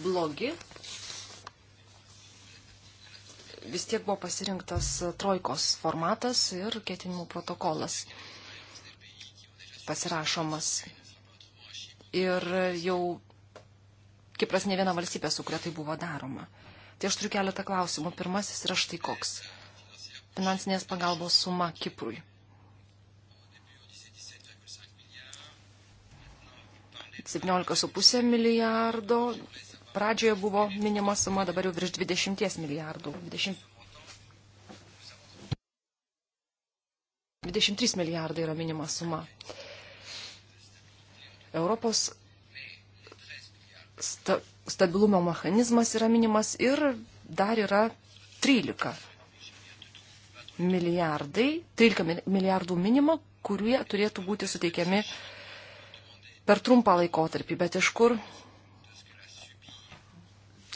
blogi, vis tiek buvo pasirinktas trojkos formatas ir ketinimų protokolas pasirašomas ir jau Kipras ne viena valstybė, su kuria tai buvo daroma. Tai aš turiu keletą klausimų. Pirmasis yra štai koks. Finansinės pagalbos suma Kiprui. ,5 milijardo. Pradžioje buvo minima suma, dabar jau virš 20 milijardų. 20... 23 milijardai yra minima suma. Uh, Europos sta stabilumo mechanizmas yra minimas ir dar yra 13 milijardai, 13 milijardų minima, kurie turėtų būti suteikiami per trumpą laikotarpį, bet iš kur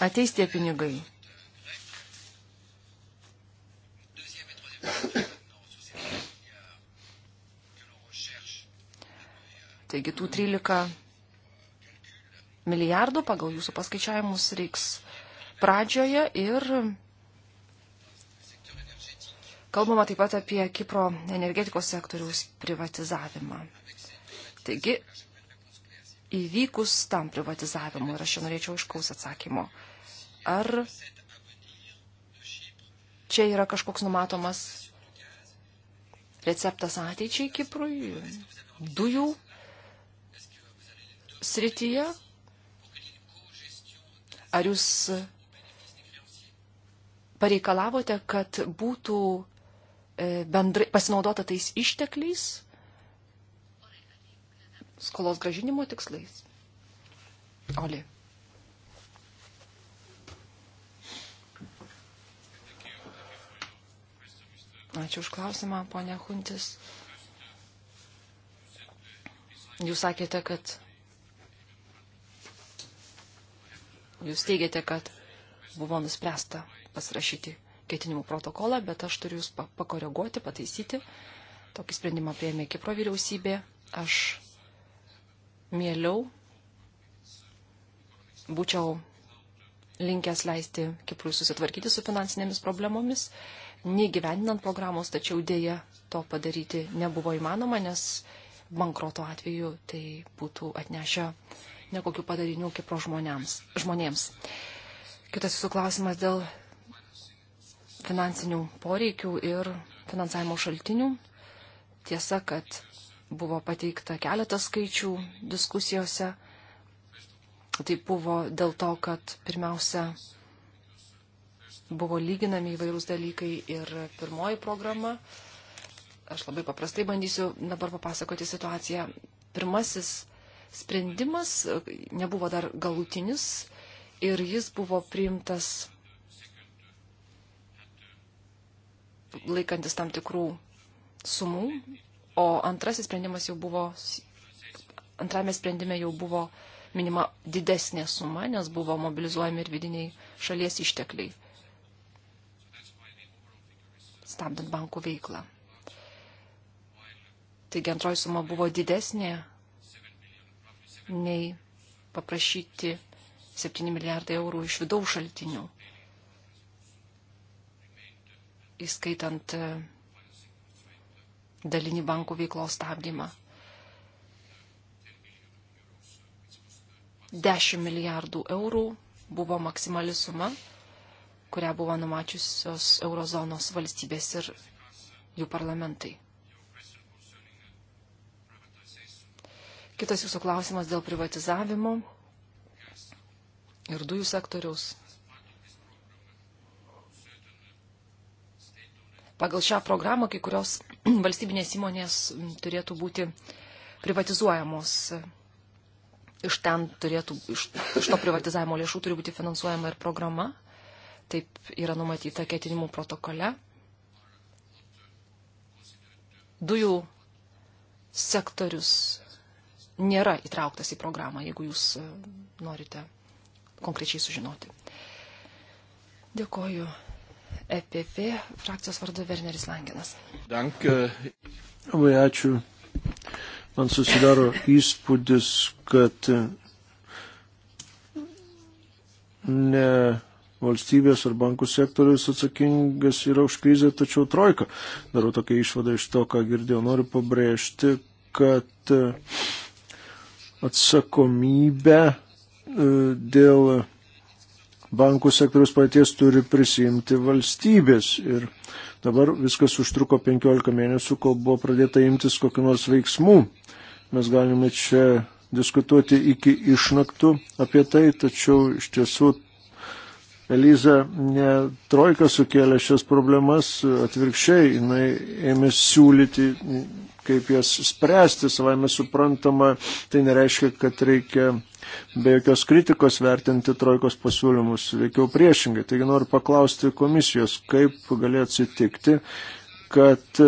ateis tie pinigai? Taigi tų 13 milijardų pagal jūsų paskaičiavimus reiks pradžioje ir kalbama taip pat apie Kipro energetikos sektoriaus privatizavimą. Taigi, įvykus tam privatizavimui, ir aš čia norėčiau iškaus atsakymo, ar čia yra kažkoks numatomas receptas ateičiai Kiprui, dujų srityje? Ar jūs pareikalavote, kad būtų e, bendrai pasinaudota tais ištekliais skolos gražinimo tikslais? Oli. Ačiū už klausimą, ponia Huntis. Jūs sakėte, kad Jūs teigiate, kad buvo nuspręsta pasirašyti ketinimų protokolą, bet aš turiu jūs pakoreguoti, pataisyti. Tokį sprendimą prieėmė Kipro vyriausybė. Aš mieliau būčiau linkęs leisti Kiprui susitvarkyti su finansinėmis problemomis, negyvendinant programos, tačiau dėja to padaryti nebuvo įmanoma, nes bankroto atveju tai būtų atnešę nekokių padarinių Kipro žmonėms. žmonėms. Kitas jūsų klausimas dėl finansinių poreikių ir finansavimo šaltinių. Tiesa, kad buvo pateikta keletas skaičių diskusijose. Tai buvo dėl to, kad pirmiausia buvo lyginami įvairūs dalykai ir pirmoji programa. Aš labai paprastai bandysiu dabar papasakoti situaciją. Pirmasis sprendimas, nebuvo dar galutinis ir jis buvo priimtas laikantis tam tikrų sumų, o antrasis sprendimas jau buvo, antrame sprendime jau buvo minima didesnė suma, nes buvo mobilizuojami ir vidiniai šalies ištekliai, stabdant bankų veiklą. Taigi antroji suma buvo didesnė, nei paprašyti 7 milijardai eurų iš vidaus šaltinių, įskaitant e, dalinį bankų veiklos stabdymą. 10 milijardų eurų buvo maksimali suma, kurią buvo numačiusios eurozonos valstybės ir jų parlamentai. Kitas jūsų klausimas dėl privatizavimo ir dujų sektoriaus. Pagal šią programą kai kurios valstybinės įmonės turėtų būti privatizuojamos. Iš ten turėtų, iš, iš to privatizavimo lėšų turi būti finansuojama ir programa. Taip yra numatyta ketinimų protokole. Dujų sektorius nėra įtrauktas į programą, jeigu jūs e, norite konkrečiai sužinoti. Dėkoju. EPP frakcijos vardu Werneris Langinas. Danke. Labai ačiū. Man susidaro įspūdis, kad ne valstybės ar bankų sektorius atsakingas yra už krizę, tačiau trojka. Darau tokią išvadą iš to, ką girdėjau. Noriu pabrėžti, kad uh, atsakomybę e, dėl bankų sektoriaus paties turi prisimti valstybės. Ir dabar viskas užtruko 15 mėnesių, kol buvo pradėta imtis kokiu nors veiksmu. Mes galime čia diskutuoti iki išnaktų apie tai, tačiau iš tiesų Eliza ne trojka sukėlė šias problemas, atvirkščiai jinai ėmė siūlyti, kaip jas spręsti, savaime suprantama, tai nereiškia, kad reikia be jokios kritikos vertinti trojkos pasiūlymus, veikiau priešingai. Taigi noriu paklausti komisijos, kaip galėjo atsitikti, kad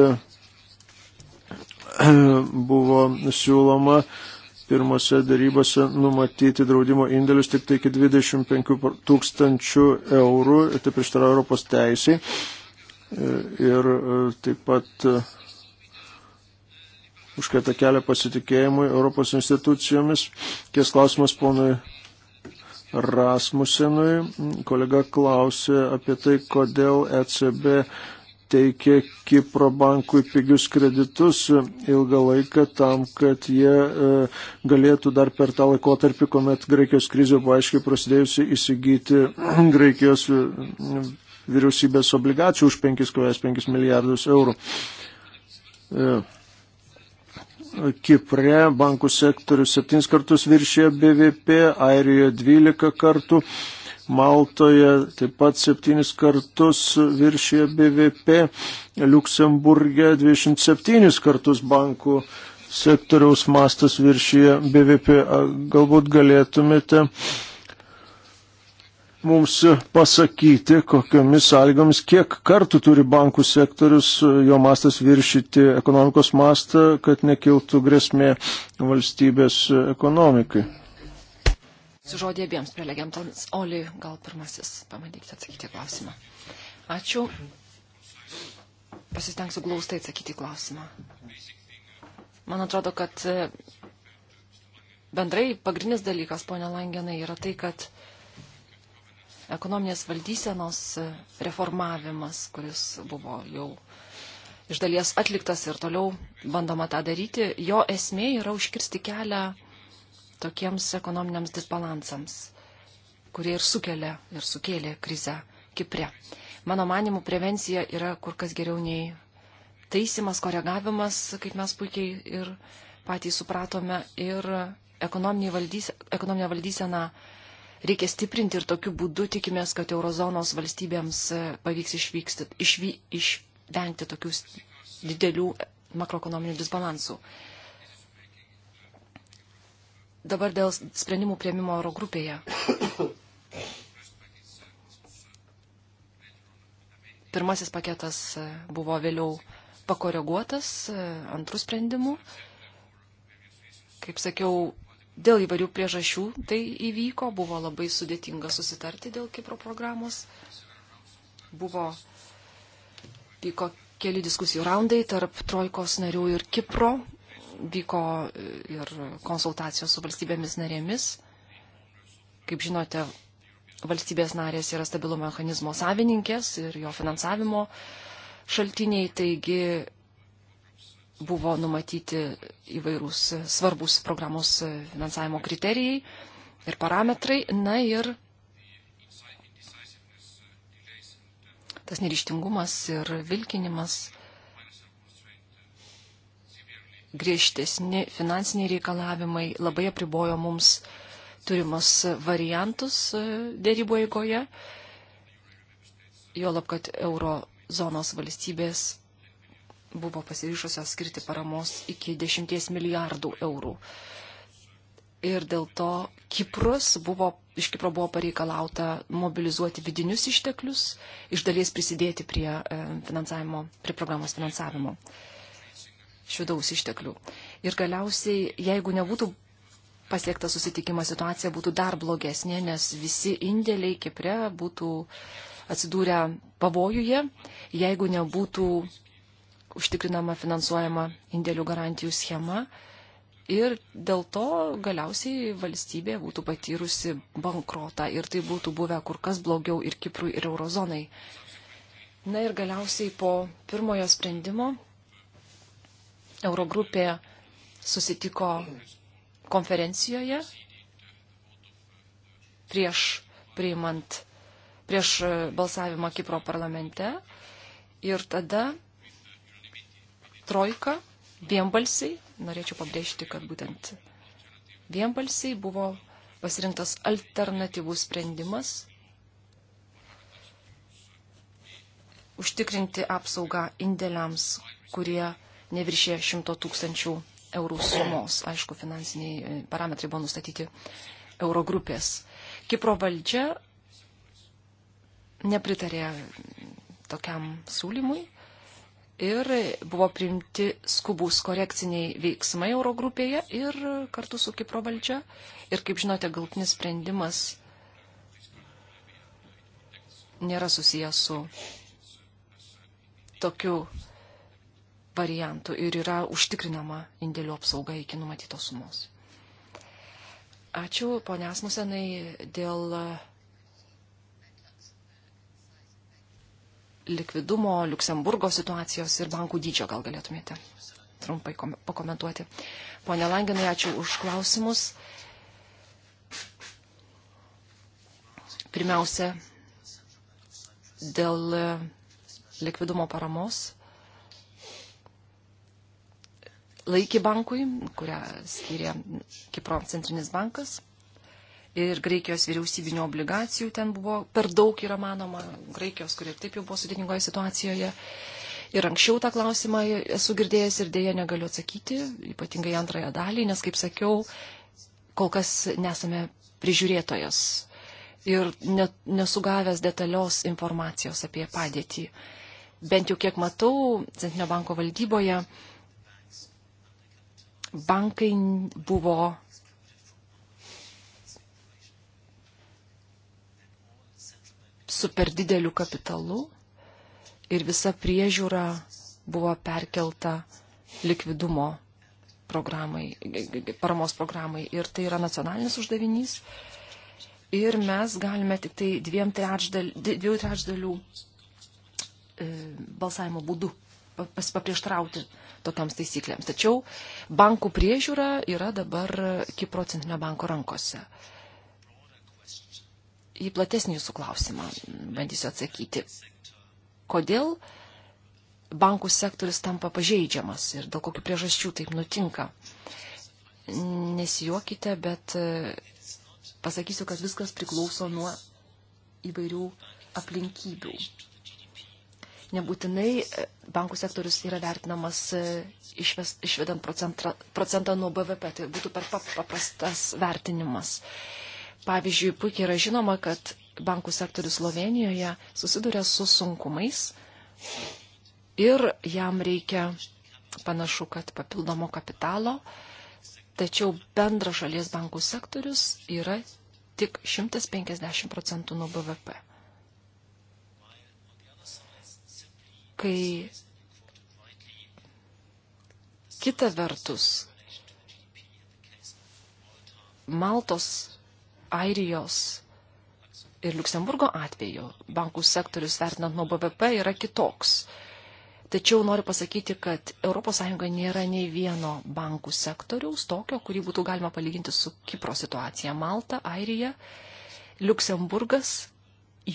buvo siūloma uh, pirmose darybose numatyti draudimo indėlius tik tai iki 25 tūkstančių eurų, tai prieštarauja Europos teisiai. E, ir e, taip pat e, užkėta kelią pasitikėjimui Europos institucijomis. Kies klausimas ponui Rasmusenui. Kolega klausė apie tai, kodėl ECB teikė Kipro bankui pigius kreditus ilgą laiką tam, kad jie e, galėtų dar per tą laikotarpį, kuomet Graikijos krizė buvo aiškiai prasidėjusi, įsigyti Graikijos e, vyriausybės obligacijų už 5,5 milijardus eurų. E, Kipre bankų sektorius 7 kartus viršė BVP, Airijoje 12 kartų. Maltoje taip pat septynis kartus viršė BVP, Luksemburgė 27 kartus bankų sektoriaus mastas viršyje BVP. Galbūt galėtumėte mums pasakyti, kokiamis sąlygomis, kiek kartų turi bankų sektorius, jo mastas viršyti ekonomikos mastą, kad nekiltų grėsmė valstybės ekonomikai su žodį abiems prelegentams. Oli, gal pirmasis, pamatykite atsakyti klausimą. Ačiū. Pasistengsiu glaustai atsakyti klausimą. Man atrodo, kad e, bendrai pagrindinis dalykas, ponia Langenai, yra tai, kad ekonominės valdysenos e, reformavimas, kuris buvo jau iš dalies atliktas ir toliau bandoma tą daryti, jo esmė yra užkirsti kelią tokiems ekonominiams disbalansams, kurie ir sukelia ir sukėlė krizę Kipre. Mano manimų, prevencija yra kur kas geriau nei taisimas, koregavimas, kaip mes puikiai ir patys supratome, ir ekonominė valdysena. valdysena reikia stiprinti ir tokiu būdu tikimės, kad eurozonos valstybėms e, pavyks išvyksti, išvy, išvengti tokių didelių makroekonominių disbalansų. Dabar dėl sprendimų prieimimo oro grupėje. Pirmasis paketas buvo vėliau pakoreguotas antrų sprendimų. Kaip sakiau, dėl įvairių priežasčių tai įvyko, buvo labai sudėtinga susitarti dėl Kipro programos. Buvo vyko keli diskusijų raundai tarp Trojkos narių ir Kipro vyko e, ir konsultacijos su valstybėmis narėmis. Kaip žinote, valstybės narės yra stabilumo mechanizmo savininkės ir jo finansavimo šaltiniai, taigi buvo numatyti įvairūs svarbus programos finansavimo kriterijai ir parametrai. Na ir tas nerištingumas ir vilkinimas griežtesni finansiniai reikalavimai labai apribojo mums turimus variantus e, dėrybų eigoje, juolab, kad eurozonos valstybės buvo pasiryšusios skirti paramos iki 10 milijardų eurų. Ir dėl to Kiprus buvo, iš Kipro buvo pareikalauta mobilizuoti vidinius išteklius, iš dalies prisidėti prie, e, finansavimo, prie programos finansavimo. Uh, iš vidaus išteklių. Ir galiausiai, jeigu nebūtų pasiektas susitikimas, situacija būtų dar blogesnė, nes visi indėliai Kipre būtų atsidūrę pavojuje, jeigu nebūtų užtikrinama finansuojama indėlių garantijų schema. Ir dėl to galiausiai valstybė būtų patyrusi bankrotą ir tai būtų buvę kur kas blogiau ir Kiprui, ir eurozonai. Na ir galiausiai po pirmojo sprendimo Eurogrupė susitiko konferencijoje prieš priimant, prieš e, balsavimą Kipro parlamente. Ir tada trojka vienbalsiai, norėčiau pabrėžti, kad būtent vienbalsiai buvo pasirinktas alternatyvus sprendimas užtikrinti apsaugą indėliams, kurie neviršė 100 tūkstančių eurų sumos. Aišku, finansiniai e, parametrai buvo nustatyti eurogrupės. Kipro valdžia nepritarė tokiam siūlymui ir buvo priimti skubus korekciniai veiksmai Eurogrupėje ir kartu su Kipro valdžia. Ir kaip žinote, galtinis sprendimas nėra susijęs su tokiu variantų ir yra užtikrinama indėlių apsauga iki numatytos sumos. Ačiū, ponia Asmusenai, dėl likvidumo, Luksemburgo situacijos ir bankų dydžio gal galėtumėte trumpai pakomentuoti. Pone Langinai, ačiū už klausimus. Pirmiausia, dėl likvidumo paramos laikį bankui, kurią skiria Kipro centrinis bankas. Ir Graikijos vyriausybinio obligacijų ten buvo per daug, yra manoma, Graikijos, kuri ir taip jau buvo sudėtingoje situacijoje. Ir anksčiau tą klausimą esu girdėjęs ir dėja negaliu atsakyti, ypatingai antrąją dalį, nes, kaip sakiau, kol kas nesame prižiūrėtojas ir net, nesugavęs detalios informacijos apie padėtį. Bent jau kiek matau, Centrinio banko valdyboje bankai buvo su per dideliu kapitalu ir visa priežiūra buvo perkelta likvidumo programai, paramos programai. Ir tai yra nacionalinis uždavinys. Ir mes galime tik tai dviem trečdal, dviejų trečdalių e, balsavimo būdu paprieštrauti tokiams taisyklėms. Tačiau bankų priežiūra yra dabar Kipro centrinio banko rankose. Į platesnį jūsų klausimą bandysiu atsakyti. Kodėl bankų sektorius tampa pažeidžiamas ir dėl kokių priežasčių taip nutinka? Nesijuokite, bet e, pasakysiu, kad viskas priklauso nuo įvairių aplinkybių Nebūtinai e, bankų sektorius yra vertinamas e, išves, išvedant procentą, procentą nuo BVP, tai būtų per paprastas vertinimas. Pavyzdžiui, puikiai yra žinoma, kad bankų sektorius Slovenijoje susiduria su sunkumais ir jam reikia panašu, kad papildomo kapitalo, tačiau bendra šalies bankų sektorius yra tik 150 procentų nuo BVP. kai kita vertus Maltos, Airijos ir Luksemburgo atveju bankų sektorius vertinant nuo BVP yra kitoks. Tačiau noriu pasakyti, kad ES nėra nei vieno bankų sektoriaus tokio, kurį būtų galima palyginti su Kipro situacija. Malta, Airija, Luksemburgas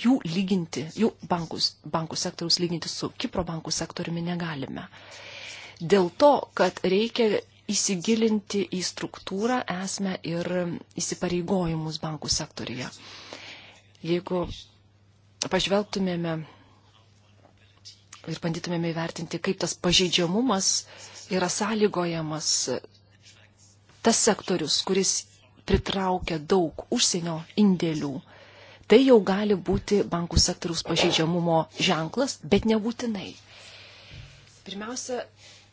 jų lyginti, jų bankus, bankų sektoriaus lyginti su Kipro bankų sektoriumi negalime. Dėl to, kad reikia įsigilinti į struktūrą, esmę ir įsipareigojimus bankų sektorija. Jeigu pažvelgtumėme ir bandytumėme įvertinti, kaip tas pažeidžiamumas yra sąlygojamas, tas sektorius, kuris pritraukia daug užsienio indėlių tai jau gali būti bankų sektoriaus pažeidžiamumo ženklas, bet nebūtinai. Pirmiausia,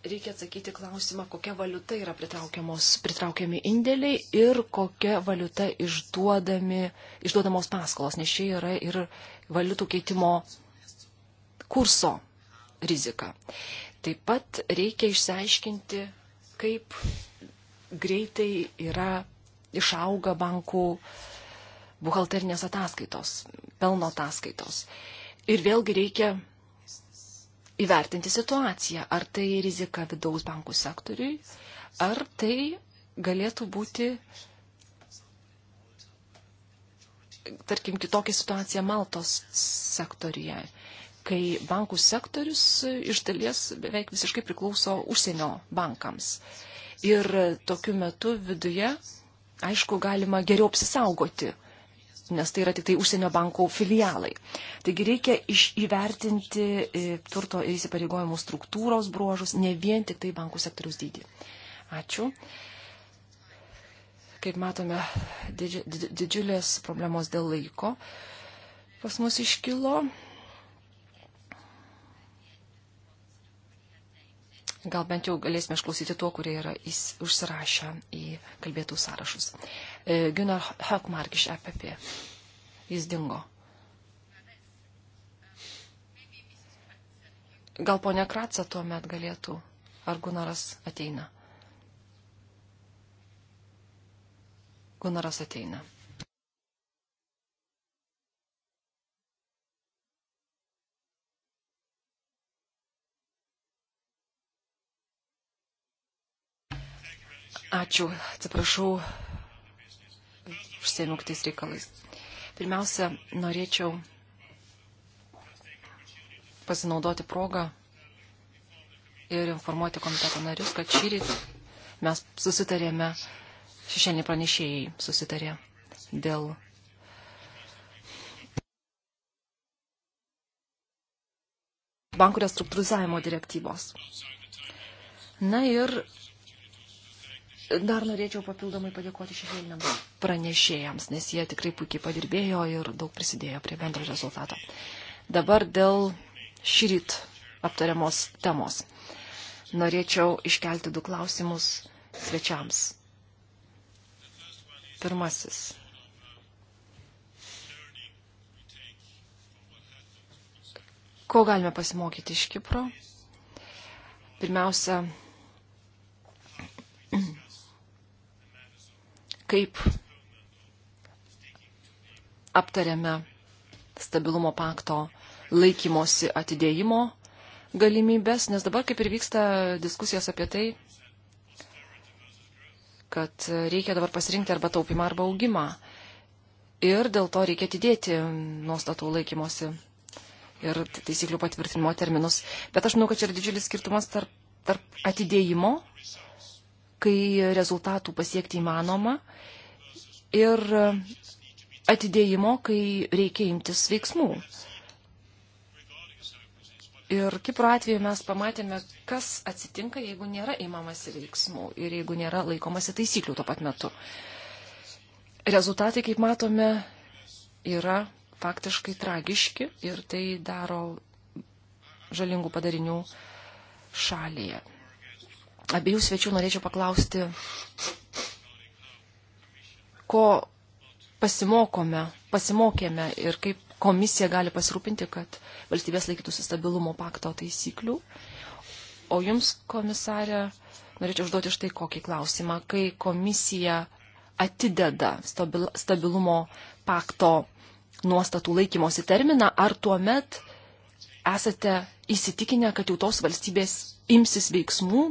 reikia atsakyti klausimą, kokia valiuta yra pritraukiami indėliai ir kokia valiuta išduodamos paskolos, nes čia yra ir valiutų keitimo kurso rizika. Taip pat reikia išsiaiškinti, kaip greitai yra išauga bankų uh, buhalterinės ataskaitos, pelno ataskaitos. Ir vėlgi reikia įvertinti situaciją, ar tai rizika vidaus bankų sektoriui, ar tai galėtų būti, tarkim, kitokia situacija Maltos sektorija, kai bankų sektorius iš dalies beveik visiškai priklauso užsienio bankams. Ir tokiu metu viduje, aišku, galima geriau apsisaugoti nes tai yra tik tai užsienio bankų filialai. Taigi reikia iš, įvertinti e, turto ir įsipareigojimų struktūros bruožus, ne vien tik tai bankų sektoriaus dydį. Ačiū. Kaip matome, didži, didžiulės problemos dėl laiko pas mus iškilo. Gal bent jau galėsime išklausyti tuo, kurie yra užsirašę į kalbėtų sąrašus. E, Gunnar Hökmark iš EPP. Jis dingo. Gal ponia Kratsa tuo met galėtų, ar Gunaras ateina? Gunaras ateina. Ačiū, atsiprašau, užsiemiu kitais reikalais. Pirmiausia, norėčiau pasinaudoti progą ir informuoti komiteto narius, kad šyrit mes susitarėme, šešienį pranešėjai susitarė dėl bankų restruktūrizavimo direktyvos. Na ir Dar norėčiau papildomai padėkoti šešėliniams pranešėjams, nes jie tikrai puikiai padirbėjo ir daug prisidėjo prie bendro rezultato. Dabar dėl šį ryt aptariamos temos. Norėčiau iškelti du klausimus svečiams. Pirmasis. Ko galime pasimokyti iš Kipro? Pirmiausia, kaip aptarėme stabilumo pakto laikymosi atidėjimo galimybės, nes dabar kaip ir vyksta diskusijos apie tai, kad reikia dabar pasirinkti arba taupimą, arba augimą. Ir dėl to reikia atidėti nuostatų laikymosi ir taisyklių patvirtinimo terminus. Bet aš manau, kad čia yra didžiulis skirtumas tarp, tarp atidėjimo kai rezultatų pasiekti įmanoma ir atidėjimo, kai reikia imtis veiksmų. Ir Kipro atveju mes pamatėme, kas atsitinka, jeigu nėra įmamasi veiksmų ir jeigu nėra laikomasi taisyklių tuo pat metu. Rezultatai, kaip matome, yra faktiškai tragiški ir tai daro žalingų padarinių šalyje abiejų svečių norėčiau paklausti, ko pasimokome, pasimokėme ir kaip komisija gali pasirūpinti, kad valstybės laikytųsi stabilumo pakto taisyklių. O jums, komisarė, norėčiau užduoti štai kokį klausimą. Kai komisija atideda stabil, stabilumo pakto nuostatų laikymosi terminą, ar tuo met esate įsitikinę, kad jau tos valstybės imsis veiksmų,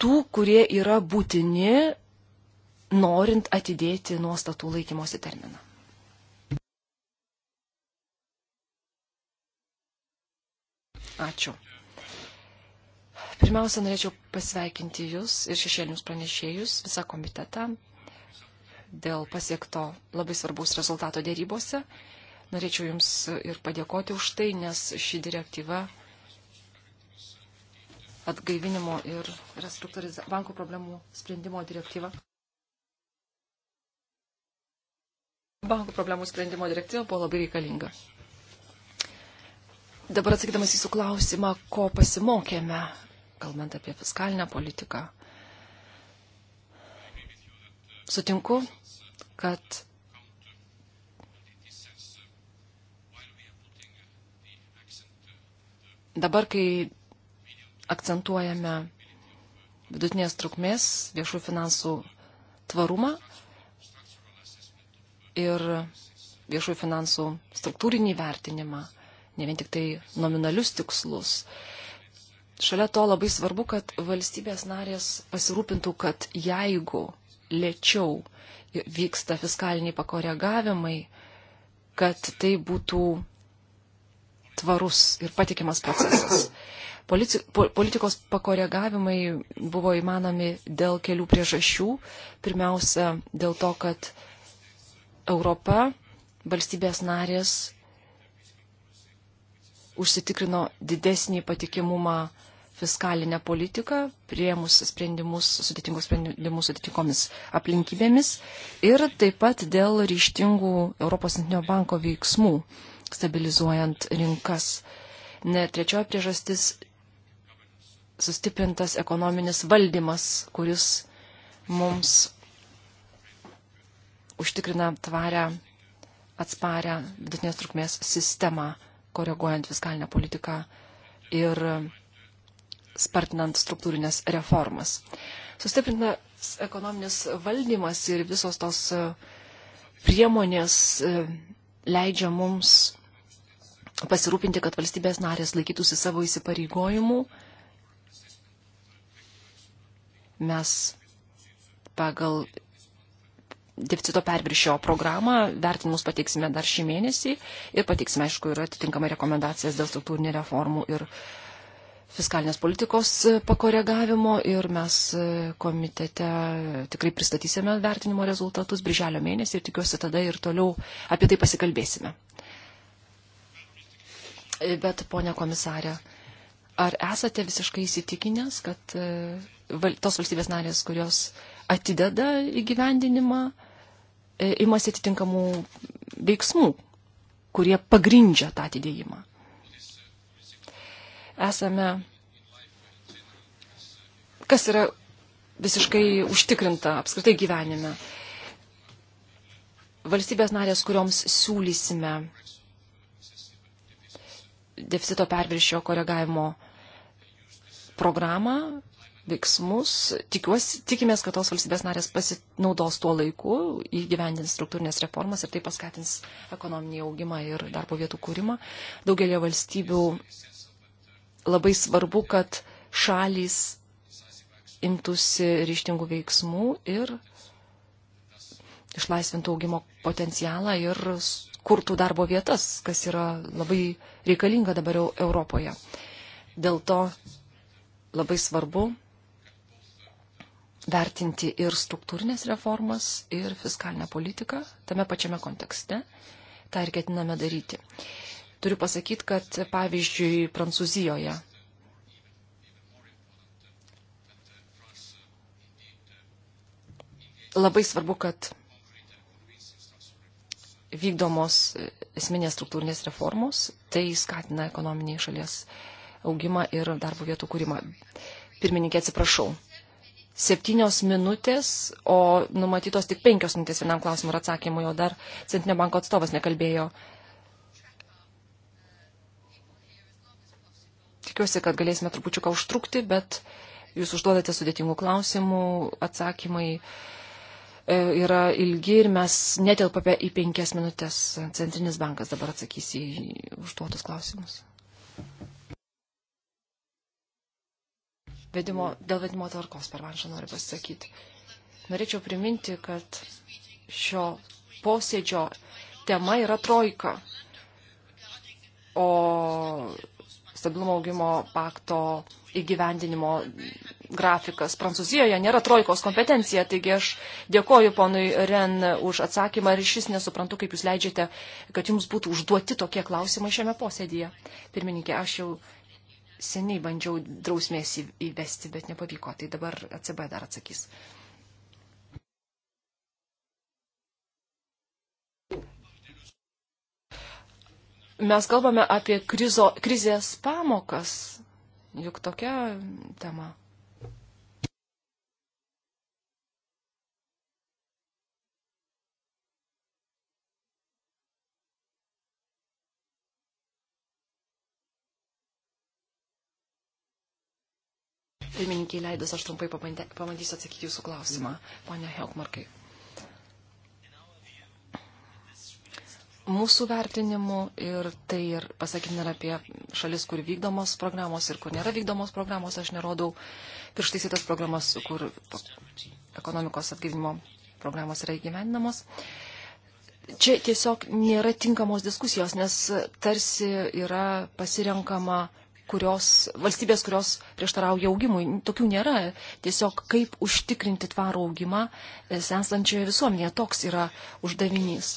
tų, kurie yra būtini, norint atidėti nuostatų laikymosi terminą. Ačiū. Pirmiausia, norėčiau pasveikinti Jūs ir šešėlinius pranešėjus, visą komitetą dėl pasiekto labai svarbaus rezultato dėrybose. Norėčiau Jums ir padėkoti už tai, nes ši direktyva atgaivinimo ir bankų problemų sprendimo direktyva. Bankų problemų sprendimo direktyva buvo labai reikalinga. Dabar atsakydamas į suklausimą, ko pasimokėme, kalbant apie fiskalinę politiką. Sutinku, kad dabar, kai akcentuojame vidutinės trukmės viešų finansų tvarumą ir viešų finansų struktūrinį vertinimą, ne vien tik tai nominalius tikslus. Šalia to labai svarbu, kad valstybės narės pasirūpintų, kad jeigu lėčiau vyksta fiskaliniai pakoregavimai, kad tai būtų tvarus ir patikimas procesas. Polici, po, politikos pakoregavimai buvo įmanomi dėl kelių priežasčių. Pirmiausia, dėl to, kad Europa, valstybės narės užsitikrino didesnį patikimumą fiskalinę politiką, prieimus sprendimus, sudėtingus sprendimus sudėtingomis aplinkybėmis ir taip pat dėl ryštingų Europos Centrinio banko veiksmų, stabilizuojant rinkas. Ne, trečioji priežastis sustiprintas ekonominis valdymas, kuris mums užtikrina tvarę, atsparę vidutinės trukmės sistemą, koreguojant fiskalinę politiką ir spartinant struktūrinės reformas. Sustiprintas ekonominis valdymas ir visos tos e, priemonės e, leidžia mums pasirūpinti, kad valstybės narės laikytųsi savo įsipareigojimų Mes pagal deficito perviršio programą vertinimus pateiksime dar šį mėnesį ir pateiksime, aišku, ir atitinkamą rekomendacijas dėl struktūrinė reformų ir fiskalinės politikos pakoregavimo ir mes komitete tikrai pristatysime vertinimo rezultatus birželio mėnesį ir tikiuosi tada ir toliau apie tai pasikalbėsime. Bet, ponia komisarė, Ar esate visiškai įsitikinęs, kad e, tos valstybės narės, kurios atideda įgyvendinimą, e, imasi atitinkamų veiksmų, kurie pagrindžia tą atidėjimą? Esame. Kas yra visiškai užtikrinta apskritai gyvenime? valstybės narės, kurioms siūlysime deficito perviršio koregavimo programą, veiksmus. Tikiuosi, tikimės, kad tos valstybės narės pasinaudos tuo laiku, įgyvendins struktūrinės reformas ir tai paskatins ekonominį augimą ir darbo vietų kūrimą. Daugelio valstybių labai svarbu, kad šalys imtųsi ryštingų veiksmų ir išlaisvintų augimo potencialą ir kurtų darbo vietas, kas yra labai reikalinga dabar Europoje. Dėl to labai svarbu vertinti ir struktūrinės reformas, ir fiskalinę politiką tame pačiame kontekste. Ta ir ketiname daryti. Turiu pasakyti, kad pavyzdžiui, Prancūzijoje labai svarbu, kad vykdomos esminės struktūrinės reformos, tai skatina ekonominį šalies augimą ir darbo vietų kūrimą. Pirmininkė, atsiprašau. Septynios minutės, o numatytos tik penkios minutės vienam klausimui ir atsakymui, o dar Centrinio banko atstovas nekalbėjo. Tikiuosi, kad galėsime trupučiuką užtrukti, bet jūs užduodate sudėtingų klausimų, atsakymai e, yra ilgi ir mes netelpame į penkias minutės. Centrinis bankas dabar atsakys į užduotus klausimus. vedimo, dėl vedimo tvarkos per vanšą noriu pasakyti. Norėčiau priminti, kad šio posėdžio tema yra trojka, o stabilumo augimo pakto įgyvendinimo grafikas Prancūzijoje nėra trojkos kompetencija, taigi aš dėkoju ponui Ren už atsakymą ir iš vis nesuprantu, kaip jūs leidžiate, kad jums būtų užduoti tokie klausimai šiame posėdėje. Pirmininkė, aš jau seniai bandžiau drausmės įvesti, bet nepavyko. Tai dabar ACB dar atsakys. Mes kalbame apie krizo, krizės pamokas, juk tokia tema. Pirmininkiai leidus, aš trumpai pabandysiu atsakyti jūsų klausimą, ponia Helkmarkai. Mūsų vertinimu ir tai ir pasakykime ir apie šalis, kur vykdomos programos ir kur nėra vykdomos programos, aš nerodau pirštais į tas programas, kur ekonomikos atgyvimo programos yra įgyvendinamos čia tiesiog nėra tinkamos diskusijos, nes tarsi yra pasirenkama kurios, valstybės, kurios prieštarauja augimui. Tokių nėra. Tiesiog kaip užtikrinti tvarų augimą e, sensančioje visuomenėje. Toks yra uždavinys.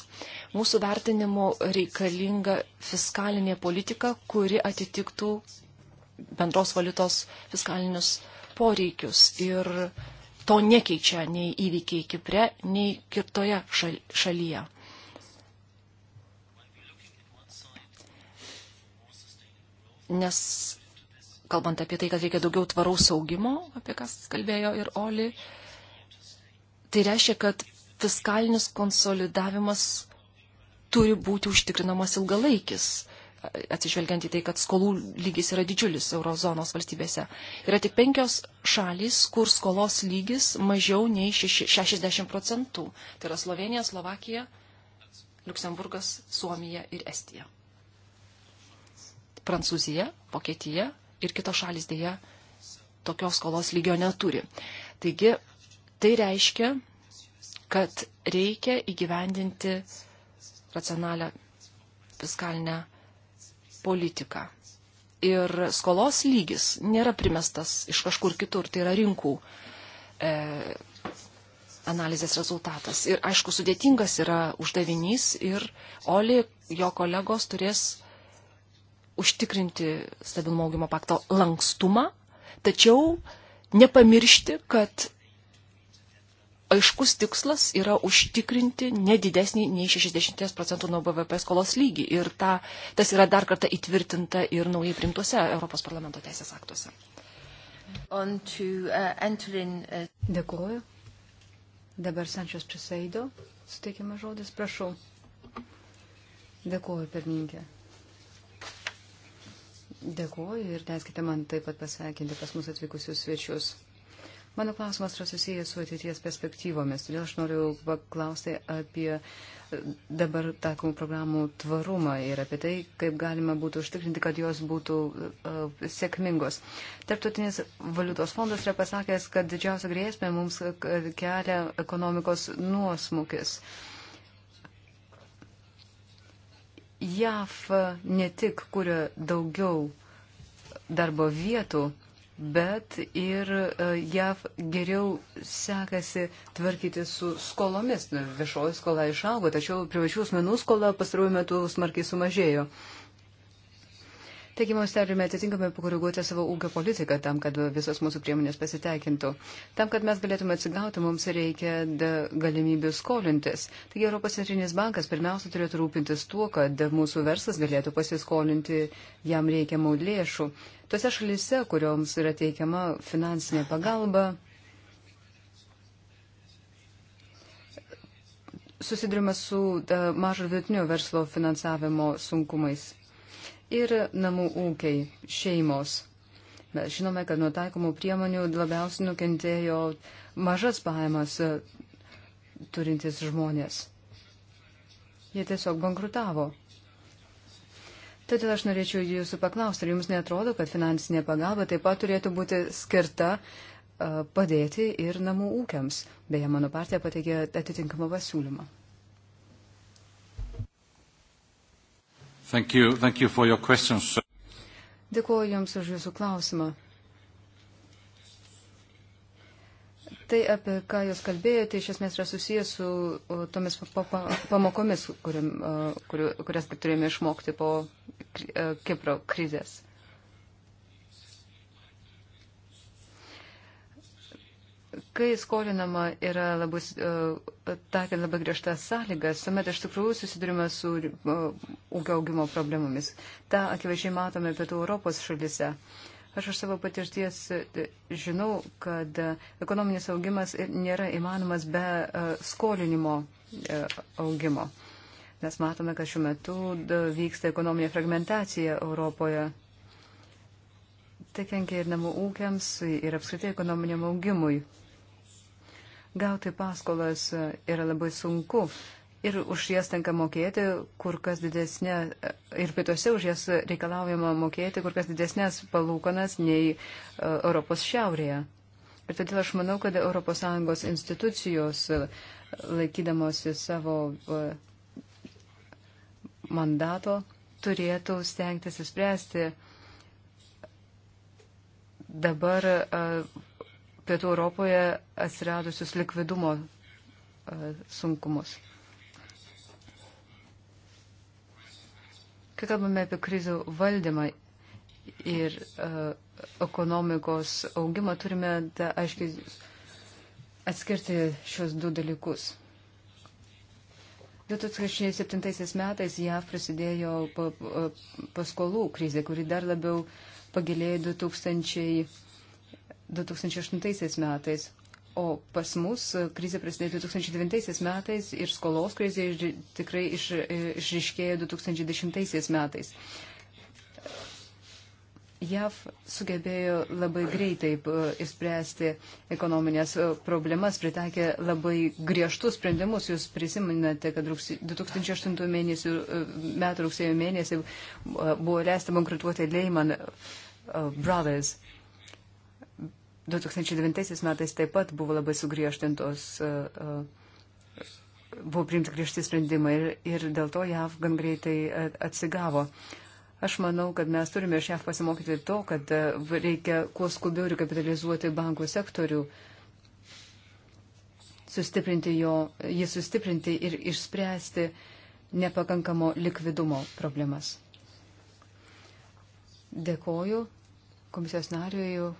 Mūsų vertinimu reikalinga fiskalinė politika, kuri atitiktų bendros valiutos fiskalinius poreikius. Ir to nekeičia nei įvykiai Kipre, nei kitoje šalyje. nes kalbant apie tai, kad reikia daugiau tvaraus augimo, apie kas kalbėjo ir Oli, tai reiškia, kad fiskalinis konsolidavimas turi būti užtikrinamas ilgalaikis, atsižvelgiant į tai, kad skolų lygis yra didžiulis eurozonos valstybėse. Yra tik penkios šalys, kur skolos lygis mažiau nei 60 procentų. Tai yra Slovenija, Slovakija, Luksemburgas, Suomija ir Estija. Prancūzija, Vokietija ir kitos šalis dėja tokios skolos lygio neturi. Taigi, tai reiškia, kad reikia įgyvendinti racionalią fiskalinę politiką. Ir skolos lygis nėra primestas iš kažkur kitur, tai yra rinkų e, analizės rezultatas. Ir aišku, sudėtingas yra uždavinys ir Oli, jo kolegos turės užtikrinti stabilumo augimo pakto lankstumą, tačiau nepamiršti, kad aiškus tikslas yra užtikrinti nedidesnį nei 60 procentų nuo BVP skolos lygį. Ir ta, tas yra dar kartą įtvirtinta ir naujai primtuose Europos parlamento teisės aktuose. To, uh, uh, Dėkuoju. Dabar Sančios Prisaido. Suteikiamas žodis, prašau. Dėkuoju, pirmininkė. Dėkuoju ir leiskite man taip pat pasveikinti pas mus atvykusius svečius. Mano klausimas yra susijęs su ateities perspektyvomis, todėl aš noriu paklausti apie e, dabar takomų programų tvarumą ir apie tai, kaip galima būtų užtikrinti, kad jos būtų uh, sėkmingos. Tarptautinis valiutos fondas yra pasakęs, kad didžiausia grėsmė mums e, kelia ekonomikos nuosmukis. Uh, JAV ne tik kuria daugiau darbo vietų, bet ir e, JAV geriau sekasi tvarkyti su skolomis. Viešoji skola išaugo, tačiau privačių asmenų skola pastaruoju metu smarkiai sumažėjo. Taigi mes turime atitinkamai pakoreguoti savo ūkio politiką tam, kad visos mūsų priemonės pasiteikintų. Tam, kad mes galėtume atsigauti, mums reikia galimybių skolintis. Taigi Europos centrinis bankas pirmiausia turėtų rūpintis tuo, kad mūsų verslas galėtų pasiskolinti jam reikiamų lėšų. Tose šalise, kurioms yra teikiama finansinė pagalba, susidurime su mažo vidutinio verslo finansavimo sunkumais ir namų ūkiai, šeimos. Mes žinome, kad nuo taikomų priemonių labiausiai nukentėjo mažas pajamas e, turintys žmonės. Jie tiesiog bankrutavo. Todėl aš norėčiau jūsų paklausti, ar jums netrodo, kad finansinė pagalba taip pat turėtų būti skirta e, padėti ir namų ūkiams. Beje, mano partija pateikė atitinkamą pasiūlymą. Thank you. Thank you for your questions. Dėkuoju Jums už Jūsų klausimą. Tai, apie ką Jūs kalbėjote, iš esmės yra susijęs su tomis pamokomis, kuriam, kuriu, kurias turėjome išmokti po Kipro krizės. Kai skolinama yra labai, e, takiant labai griežtas sąlygas, tuomet iš tikrųjų susidurime su e, ūkio augimo problemomis. Ta akivaizdžiai matome pietų Europos šalise. Aš iš savo patirties e, žinau, kad ekonominis augimas nėra įmanomas be skolinimo augimo. Mes matome, kad šiuo metu vyksta ekonominė fragmentacija Europoje. Tai kenkia ir namų ūkiams, ir apskritai ekonominiam augimui. Gauti paskolas e, yra labai sunku ir už jas tenka mokėti kur kas didesnė, e, ir pietuose už jas reikalaujama mokėti kur kas didesnės palūkanas nei e, Europos šiaurėje. Ir todėl aš manau, kad ES institucijos laikydamosi savo mandato turėtų stengtis įspręsti dabar Pietų Europoje atsiradusius likvidumo e, sunkumus. Kai kalbame apie krizių valdymą ir e, ekonomikos augimą, turime aiškiai atskirti šios du dalykus. 2007 metais JAV prasidėjo paskolų krizė, kuri dar labiau pagilėjo 2000. 2008 metais, o pas mus krizė prasidėjo 2009 metais ir skolos krizė tikrai iš, išriškėjo 2010 metais. JAV sugebėjo labai greitai įspręsti e, ekonominės e, problemas, pritaikė labai griežtus sprendimus. Jūs prisiminate, kad 2008 mėnesių, e, metų rugsėjo mėnesį buvo leista bankrutuoti Lehman Brothers. 2009 metais taip pat buvo labai sugriežtintos, e, e, buvo priimti griežti sprendimai ir, ir dėl to JAV gan greitai e, atsigavo. Aš manau, kad mes turime iš JAV pasimokyti to, kad reikia kuo skubiau rekapitalizuoti bankų sektorių, sustiprinti jo, jį sustiprinti ir išspręsti nepakankamo likvidumo problemas. Dėkoju komisijos nariui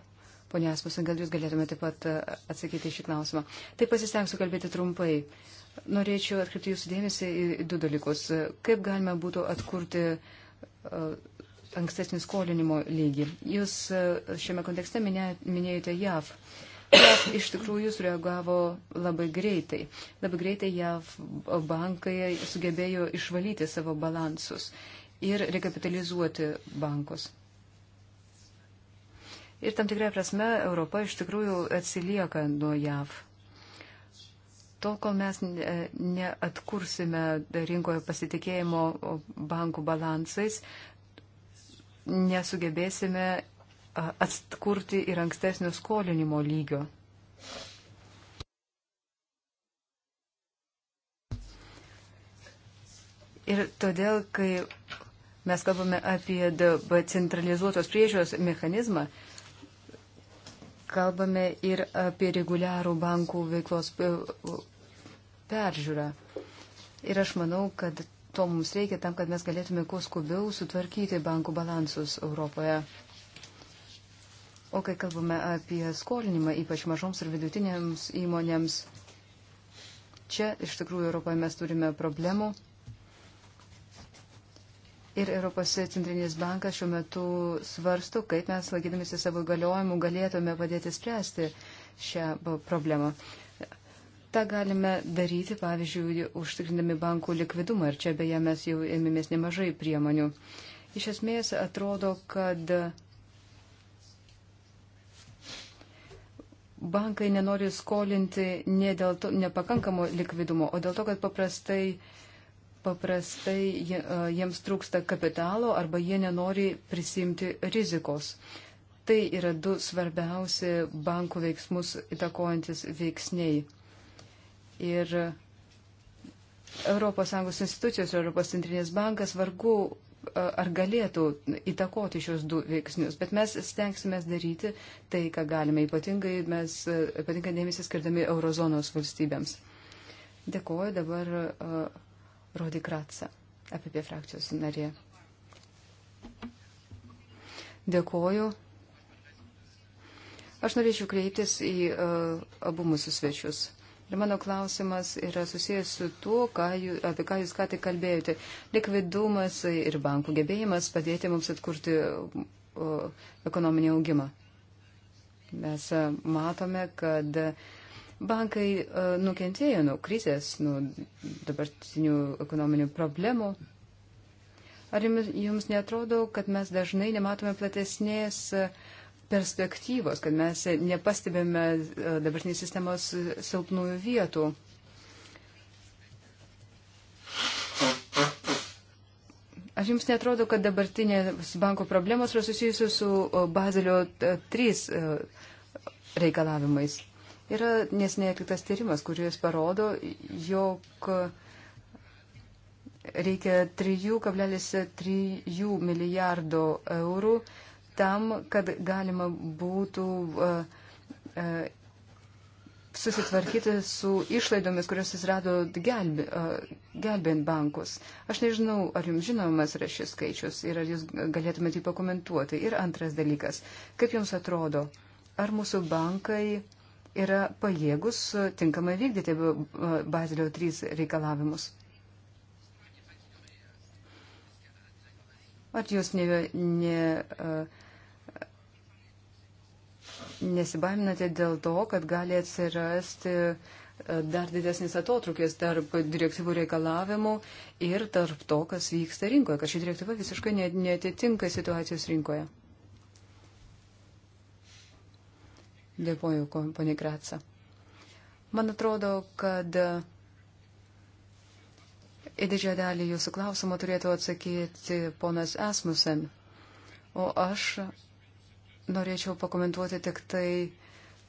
Pone Asmusen, gal jūs galėtumėte taip pat e, atsakyti šį klausimą. Tai pasistengsiu kalbėti trumpai. Norėčiau atkreipti jūsų dėmesį į du dalykus. Kaip galima būtų atkurti e, ankstesnį skolinimo lygį? Jūs e, šiame kontekste minėjote JAV. JAV iš tikrųjų sureagavo labai greitai. Labai greitai JAV bankai sugebėjo išvalyti savo balansus ir rekapitalizuoti bankus. Ir tam tikrai prasme Europa iš tikrųjų atsilieka nuo JAV. Tol, kol mes e, neatkursime rinkoje pasitikėjimo bankų balansais, nesugebėsime atkurti ir ankstesnio skolinimo lygio. Ir todėl, kai mes kalbame apie centralizuotos priežiūros mechanizmą, kalbame ir apie reguliarų bankų veiklos e, peržiūrą. Ir aš manau, kad to mums reikia tam, kad mes galėtume kuo skubiau sutvarkyti bankų balansus Europoje. O kai kalbame apie skolinimą, ypač mažoms ir vidutinėms įmonėms, čia iš tikrųjų Europoje mes turime problemų. Ir Europos centrinės bankas šiuo metu svarsto, kaip mes, laikydamėsi savo galiojimų, galėtume padėti spręsti šią problemą. Ta galime daryti, pavyzdžiui, užtikrindami bankų likvidumą. Ir čia beje mes jau ėmėmės nemažai priemonių. Iš esmės atrodo, kad bankai nenori skolinti ne dėl to, nepakankamo likvidumo, o dėl to, kad paprastai uh, paprastai jiems trūksta kapitalo arba jie nenori prisimti rizikos. Tai yra du svarbiausi bankų veiksmus įtakojantis veiksniai. Ir ES institucijos ir ES centrinės bankas vargu ar galėtų įtakoti šios du veiksnius, bet mes stengsime daryti tai, ką galime, ypatingai mes ypatingai dėmesį skirdami eurozonos valstybėms. Dėkuoju dabar. Uh, Rodi Kratsa, apie frakcijos narė. Dėkoju. Aš norėčiau kreiptis į uh, abu mūsų svečius. Ir mano klausimas yra susijęs su tuo, ką jūs, apie ką jūs ką tik kalbėjote. Likvidumas ir bankų gebėjimas padėti mums atkurti uh, ekonominį augimą. Mes uh, matome, kad uh, Bankai e, nukentėjo nuo krizės, nuo dabartinių ekonominių problemų. Ar jums netrodo, kad mes dažnai nematome platesnės e, perspektyvos, kad mes nepastebėme e, dabartinės sistemos silpnųjų vietų? Ar jums netrodo, kad dabartinės banko problemos yra susijusios su Bazilio 3 reikalavimais? Yra nesnei atliktas tyrimas, kuris parodo, jog reikia 3,3 milijardo eurų tam, kad galima būtų e, e, susitvarkyti su išlaidomis, kurios jis rado gelbė, e, gelbėjant bankus. Aš nežinau, ar jums žinomas yra šis skaičius ir ar jūs galėtumėte jį pakomentuoti. Ir antras dalykas, kaip jums atrodo, ar mūsų bankai yra pajėgus e, tinkamai vykdyti e, Bazilio 3 reikalavimus. Ar jūs ne, ne, e, nesibaiminate dėl to, kad gali atsirasti dar didesnis atotrukis tarp direktyvų reikalavimų ir tarp to, kas vyksta rinkoje, kad ši direktyva visiškai netitinka situacijos rinkoje? Dėkuoju, ponė Kratsa. Man atrodo, kad į didžiąją dalį jūsų klausimą turėtų atsakyti ponas Asmusen. O aš norėčiau pakomentuoti tik tai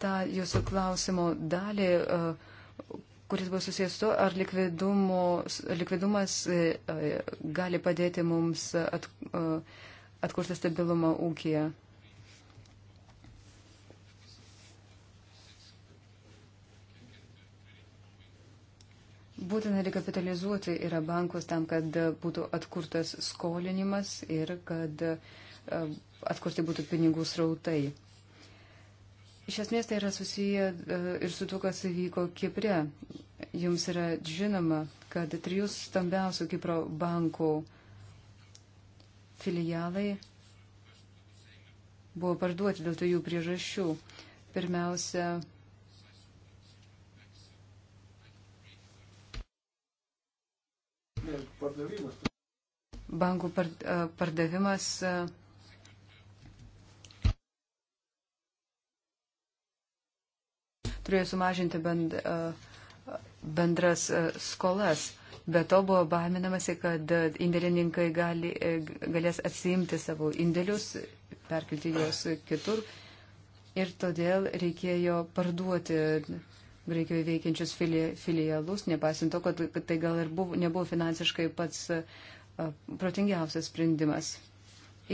tą jūsų klausimo dalį, e, kuris buvo susijęs su, ar likvidumas e, e, gali padėti mums at, atkurti stabilumą ūkiją. Būtina rekapitalizuoti yra bankus tam, kad būtų atkurtas skolinimas ir kad e, atkurti būtų pinigų srautai. Iš esmės tai yra susiję e, ir su tuo, kas įvyko Kipre. Jums yra žinoma, kad trijus stambiausių Kipro bankų filialai buvo parduoti dėl tojų priežasčių. Pirmiausia, Bankų pardavimas. Turėjo sumažinti bend, bendras skolas. Be to buvo baiminamasi, kad indėlininkai gali, e, galės atsiimti savo indėlius, perkelti juos kitur ir todėl reikėjo parduoti Graikijoje veikiančius filialus, nepaisant to, kad, kad tai gal ir buvo, nebuvo finansiškai pats protingiausias sprendimas.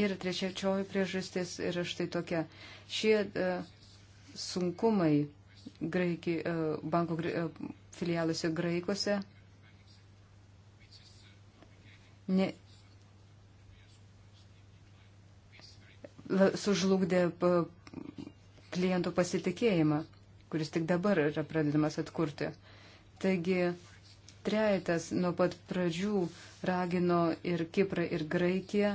Ir trečiačioji priežastis yra štai tokia. Šie uh, sunkumai graiki, uh, banko uh, filialuose graikose ne, la, sužlugdė klientų pasitikėjimą kuris tik dabar yra pradedamas atkurti. Taigi, trejetas nuo pat pradžių ragino ir Kiprą, ir Graikiją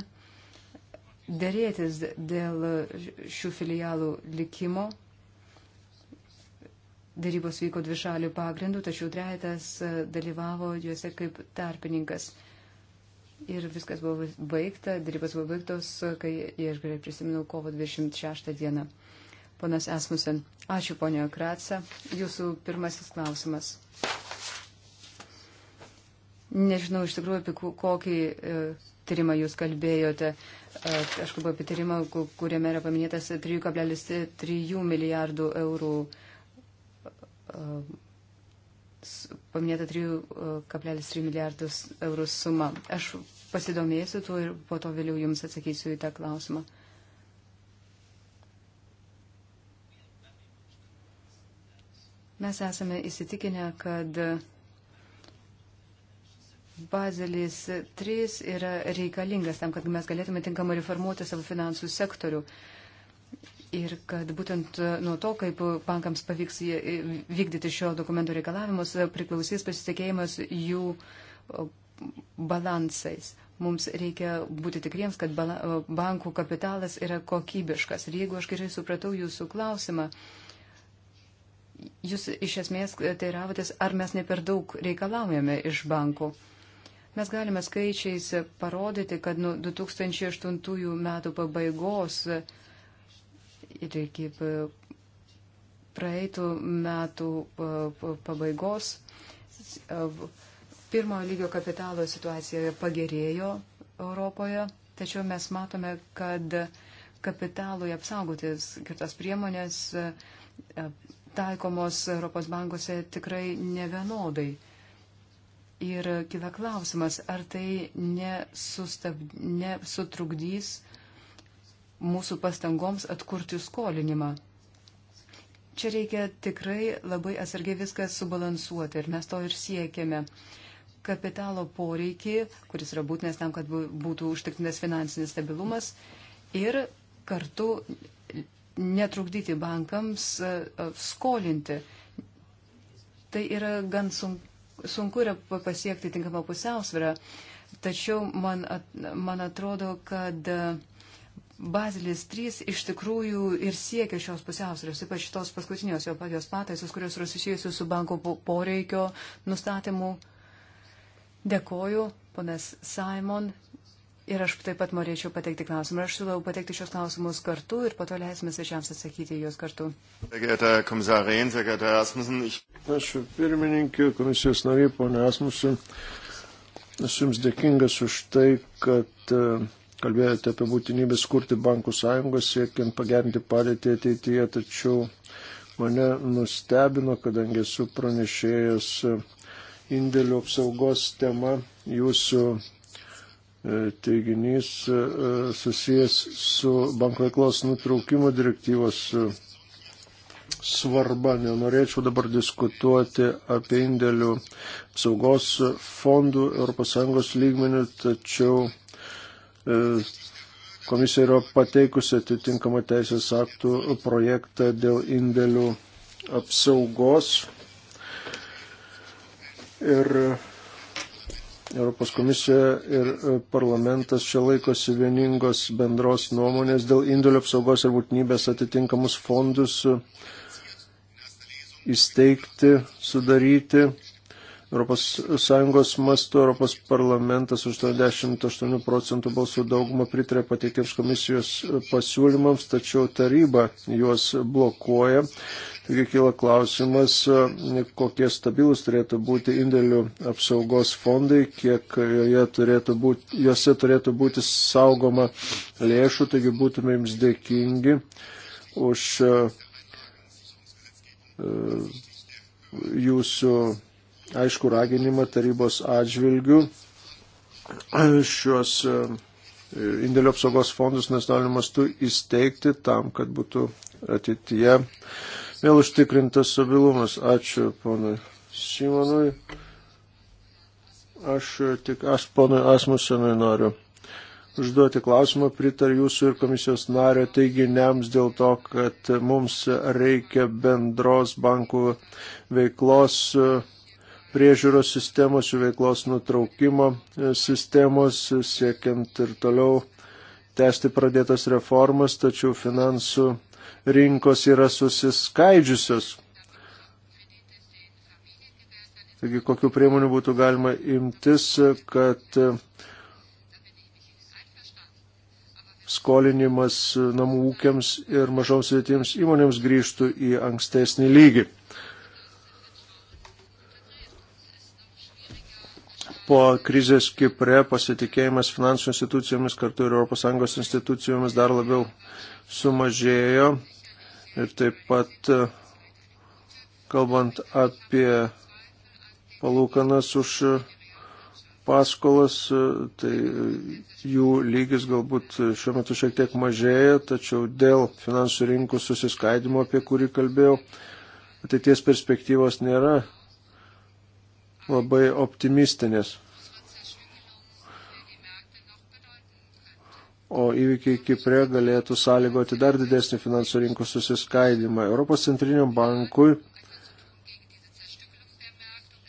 dėrėtis dėl šių filialų likimo. Darybos vyko dvišalių pagrindų, tačiau trejetas e, dalyvavo juose kaip tarpininkas. Ir viskas buvo baigta, darybos buvo baigtos, kai, jei aš gerai prisimenu, kovo 26 dieną. Ponas Esmusen, ačiū ponio Kratsa. Jūsų pirmasis klausimas. Nežinau iš tikrųjų, apie kokį e, tyrimą jūs kalbėjote. E, aš kalbu apie tyrimą, kuriame yra paminėtas 3,3 milijardų eurų. E, paminėta 3,3 milijardus eurų suma. Aš pasidomėsiu tuo ir po to vėliau jums atsakysiu į tą klausimą. Mes esame įsitikinę, kad Bazelis 3 yra reikalingas tam, kad mes galėtume tinkamai reformuoti savo finansų sektorių. Ir kad būtent nuo to, kaip bankams pavyks e, vykdyti šio dokumento reikalavimus, priklausys pasitikėjimas jų balansais. Mums reikia būti tikriems, kad bankų kapitalas yra kokybiškas. Ir jeigu aš gerai supratau jūsų klausimą, uh, jūs iš esmės teiravotės, ar mes ne per daug reikalaujame iš bankų. Mes galime skaičiais parodyti, kad nuo 2008 metų pabaigos ir iki praeitų metų pabaigos pirmojo lygio kapitalo situacija pagerėjo Europoje, tačiau mes matome, kad kapitalui apsaugotis skirtas priemonės taikomos Europos bankuose tikrai nevienodai. Ir kila klausimas, ar tai nesustab, nesutrukdys mūsų pastangoms atkurti skolinimą. Čia reikia tikrai labai atsargiai viską subalansuoti ir mes to ir siekiame. Kapitalo poreikį, kuris yra būtinas tam, kad būtų užtikrintas finansinis stabilumas ir kartu netrukdyti bankams e, e, skolinti. Tai yra gan sunku, sunku yra pasiekti tinkamą pusiausvyrą, tačiau man, at, man atrodo, kad e, Bazilis 3 iš tikrųjų ir siekia šios pusiausvėros, ypač tos paskutinios jo paties pataisos, kurios yra susijusios su banko poreikio nustatymu. Dėkoju, ponas Simon, Ir aš taip pat norėčiau pateikti klausimą. Aš siūlau pateikti šios klausimus kartu ir po to leisime svečiams atsakyti juos kartu. Aš pirmininkė, komisijos nariai, ponė Asmusen, esu Jums dėkingas už tai, kad e, kalbėjote apie būtinybę skurti bankų sąjungą, siekiant pagerinti padėtį ateityje, tačiau mane nustebino, kadangi esu pranešėjęs e, indėlių apsaugos tema jūsų E, teiginys e, e, susijęs su banko veiklos nutraukimo direktyvos svarba. Nenorėčiau dabar diskutuoti apie indėlių apsaugos fondų ES lygmenių, tačiau Komisija yra pateikusi atitinkamą teisės aktų projektą dėl indėlių apsaugos. Ir Europos komisija ir e, parlamentas čia laikosi vieningos bendros nuomonės dėl indėlio apsaugos ir būtinybės atitinkamus fondus e, įsteigti, sudaryti. ES mastu Europos parlamentas 88 procentų balsų daugumą pritarė pateiktiems komisijos e, pasiūlymams, tačiau taryba juos blokuoja. Taigi kyla klausimas, e, kokie stabilus turėtų būti indėlių apsaugos fondai, kiek turėtų būti, juose turėtų būti saugoma lėšų, taigi būtume jums dėkingi už e, e, jūsų aišku raginimą tarybos atžvilgių šios indėlių apsaugos fondus nacionaliniu mastu įsteigti tam, kad būtų ateityje vėl užtikrintas stabilumas. Ačiū ponui Simonui. Aš tik aš ponui Asmusenui noriu užduoti klausimą, pritar jūsų ir komisijos nario teiginiams dėl to, kad mums reikia bendros bankų veiklos priežiūros sistemos, jų veiklos nutraukimo sistemos, siekiant ir toliau tęsti pradėtas reformas, tačiau finansų rinkos yra susiskaidžiusios. Taigi, kokiu priemonių būtų galima imtis, kad e, skolinimas namų ūkiams ir mažoms vietiems įmonėms grįžtų į ankstesnį lygį. Po krizės Kipre pasitikėjimas finansų institucijomis kartu ir ES institucijomis dar labiau sumažėjo, Ir taip pat, e, kalbant apie palūkanas už e, paskolas, e, tai jų lygis galbūt šiuo metu šiek tiek mažėja, tačiau dėl finansų rinkų susiskaidimo, apie kurį kalbėjau, ateities perspektyvos nėra labai optimistinės. o įvykiai Kiprė galėtų sąlygoti dar didesnį finansų rinkų susiskaidimą. Europos centriniam bankui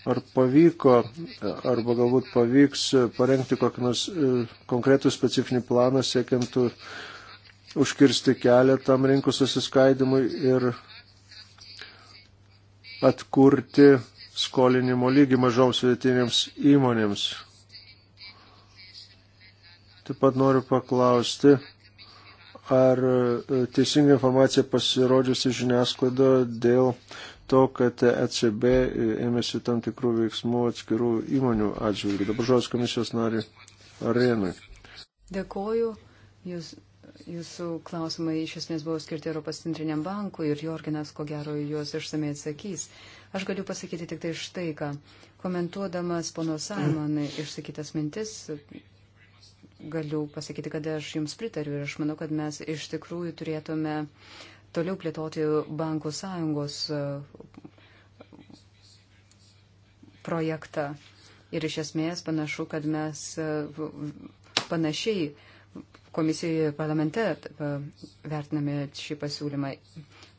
ar pavyko, arba galbūt pavyks parengti kokį nors e, konkretų specifinį planą siekiant užkirsti kelią tam rinkų susiskaidimui ir atkurti skolinimo lygį mažoms vidutinėms įmonėms. Taip pat noriu paklausti, ar e, teisinga informacija pasirodžiusi žiniasklaido dėl to, kad ECB e, ėmėsi tam tikrų veiksmų atskirų įmonių atžvilgių. Dabar žodis komisijos nari Arenui. Dėkoju. Jūs, jūsų klausimai iš esmės buvo skirti Europos centriniam bankui ir Jorginas, ko gero, juos išsamei atsakys. Aš galiu pasakyti tik tai štai ką. Komentuodamas pono Simonai išsakytas mintis, galiu pasakyti, kad aš jums pritariu ir aš manau, kad mes iš tikrųjų turėtume toliau plėtoti bankų sąjungos e, projektą. Ir iš esmės panašu, kad mes e, panašiai komisijoje parlamente e, vertiname šį pasiūlymą.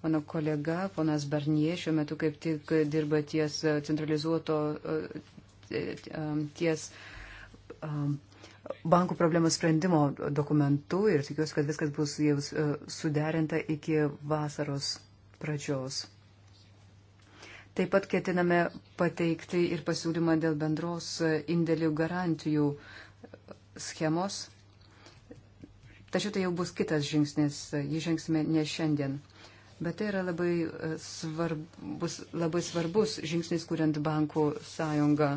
Mano kolega, ponas Barnie, šiuo metu kaip tik dirba ties centralizuoto, ties bankų problemos sprendimo dokumentu ir tikiuosi, kad viskas bus jau e, suderinta iki vasaros pradžios. Taip pat ketiname pateikti ir pasiūlymą dėl bendros e, indėlių garantijų e, schemos. Tačiau tai jau bus kitas žingsnis, jį žingsime ne šiandien. Bet tai yra labai svarbus, labai svarbus žingsnis, kuriant bankų sąjungą.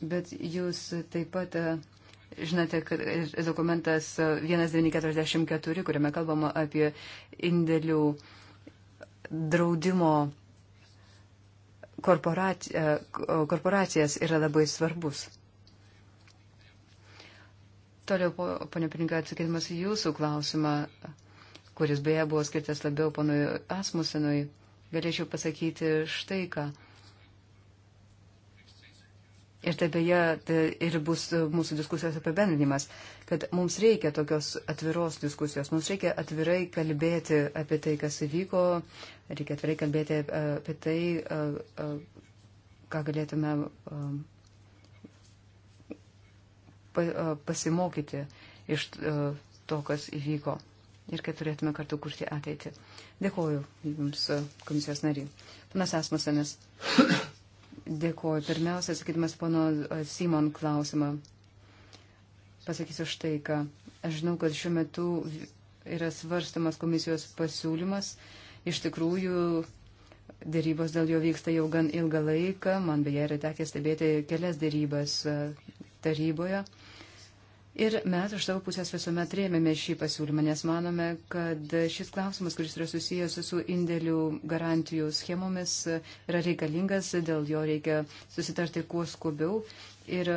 bet jūs taip pat e, žinote, kad e, dokumentas 1944, kuriame kalbama apie indėlių draudimo e, korporacijas, yra labai svarbus. Toliau, ponia Pininkai, atsakydamas į jūsų klausimą, kuris beje buvo skirtas labiau ponui Asmusenui, galėčiau pasakyti štai ką. Ir tai beje, tai ir bus mūsų diskusijos apibendrinimas, kad mums reikia tokios atviros diskusijos, mums reikia atvirai kalbėti apie tai, kas įvyko, reikia atvirai kalbėti apie tai, ką galėtume pasimokyti iš to, kas įvyko ir kad turėtume kartu kurti ateitį. Dėkoju Jums, komisijos nariai. Panas Asmusenis. Dėkuoju. Pirmiausia, sakydamas pono e, Simon klausimą, pasakysiu štai ką. Aš žinau, kad šiuo metu yra svarstamas komisijos pasiūlymas. Iš tikrųjų, dėrybos dėl jo vyksta jau gan ilgą laiką. Man beje yra tekę stebėti kelias dėrybas e, taryboje. Ir mes iš savo pusės visuomet rėmėme šį pasiūlymą, nes manome, kad šis klausimas, kuris yra susijęs su indėlių garantijų schemomis, yra reikalingas, dėl jo reikia susitarti kuo skubiau. Ir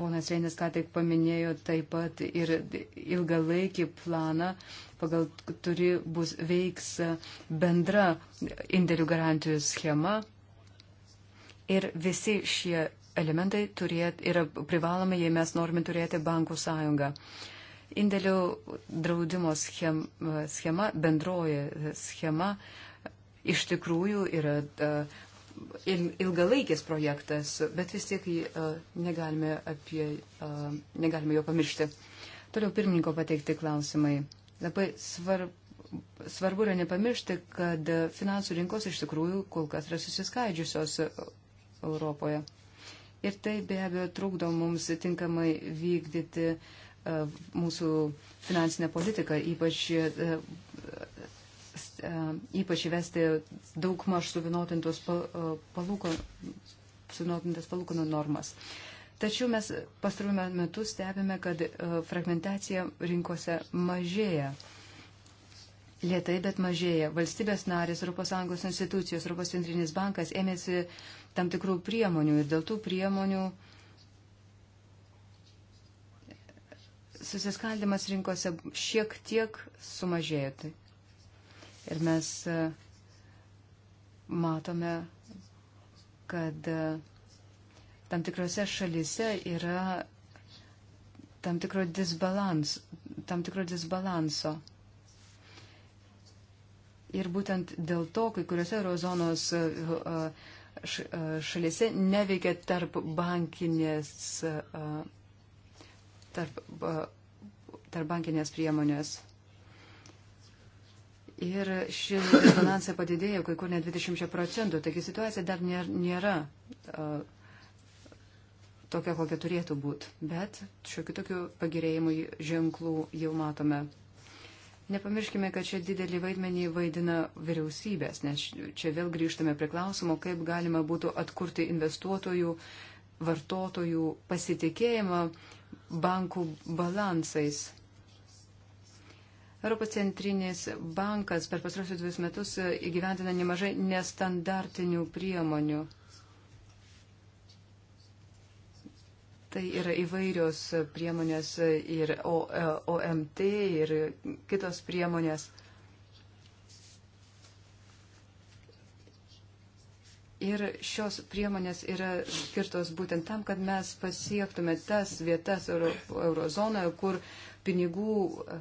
Bonas Reinis ką tik paminėjo taip pat ir ilgalaikį planą, pagal kuri bus veiks bendra indėlių garantijų schema. Ir visi šie elementai turėt, yra privalomi, jei mes norime turėti bankų sąjungą. Indėlių draudimo schem, schema, bendroji schema, iš tikrųjų yra ilgalaikis projektas, bet vis tiek negalime, apie, negalime jo pamiršti. Toliau pirmininko pateikti klausimai. Labai svarbu svarbu yra nepamiršti, kad finansų rinkos iš tikrųjų kol kas yra susiskaidžiusios Europoje. Ir tai be abejo trukdo mums tinkamai vykdyti e, mūsų finansinę politiką, ypač, e, e, ypač įvesti daug maž suvinotintas palūkanų normas. Tačiau mes pastarųjų metų stebime, kad fragmentacija rinkose mažėja. Lietai, bet mažėja. Valstybės narės, ES institucijos, ES bankas ėmėsi tam tikrų priemonių ir dėl tų priemonių susiskaldimas rinkose šiek tiek sumažėti. Ir mes e, matome, kad e, tam tikrose šalise yra tam tikro, disbalans, tam tikro disbalanso. Ir būtent dėl to kai kuriuose eurozonos uh, uh, E, šalyse neveikia tarp bankinės, e, tarp, e, tarp bankinės priemonės. Ir šie disbalansai padidėjo kai kur net 20 procentų, taigi situacija dar nėra, nėra tokia, kokia turėtų būti, bet šiokių tokių pagirėjimų ženklų jau matome. Nepamirškime, kad čia didelį vaidmenį vaidina vyriausybės, nes čia vėl grįžtame prie klausimo, kaip galima būtų atkurti investuotojų, vartotojų pasitikėjimą bankų balansais. Europos centrinis bankas per pastarosius dvius metus įgyvendina nemažai nestandartinių priemonių. Tai yra įvairios priemonės ir OMT e, ir kitos priemonės. Ir šios priemonės yra skirtos būtent tam, kad mes pasiektume tas vietas euro, eurozonoje, kur pinigų e,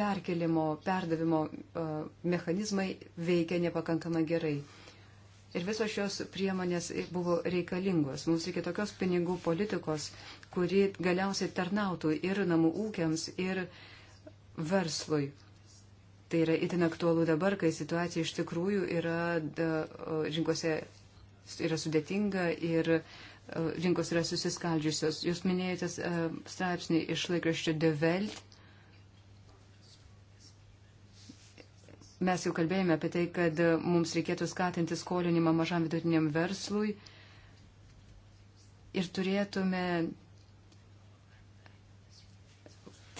perkelimo, perdavimo e, mechanizmai veikia nepakankamai gerai. Ir visos šios priemonės buvo reikalingos. Mums reikia tokios pinigų politikos, kuri galiausiai tarnautų ir namų ūkiams, ir verslui. Tai yra itin aktualu dabar, kai situacija iš tikrųjų yra da, rinkose yra sudėtinga ir rinkos yra susiskaldžiusios. Jūs minėjote e, straipsnį iš laikraščio De Welt Mes jau kalbėjome apie tai, kad mums reikėtų skatinti skolinimą mažam vidutiniam verslui ir turėtume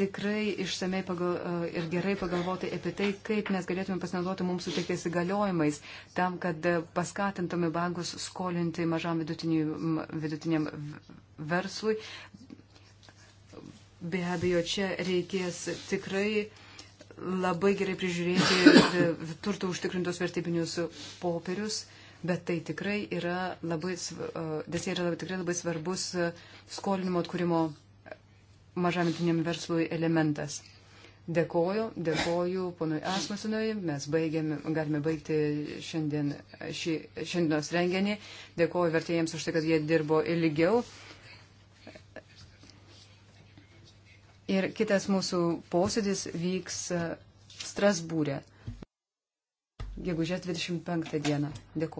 tikrai išsamei pagal, e, ir gerai pagalvoti apie tai, kaip mes galėtume pasinaudoti mums suteiktais įgaliojimais, tam, kad paskatintume bankus skolinti mažam vidutiniam verslui. Be abejo, čia reikės tikrai labai gerai prižiūrėti turto užtikrintos vertybinius popierius, bet tai tikrai yra labai, nes tai yra tikrai labai svarbus skolinimo atkūrimo mažamitiniam verslui elementas. Dėkoju, dėkoju ponui Asmusinui, mes baigiam, galime baigti šiandien, šį, šiandienos renginį. Dėkoju vertėjams už tai, kad jie dirbo ilgiau. ir kitas mūsų posėdis vyks e, Strasbūrė, gegužės 25 dieną. Dėkuoju.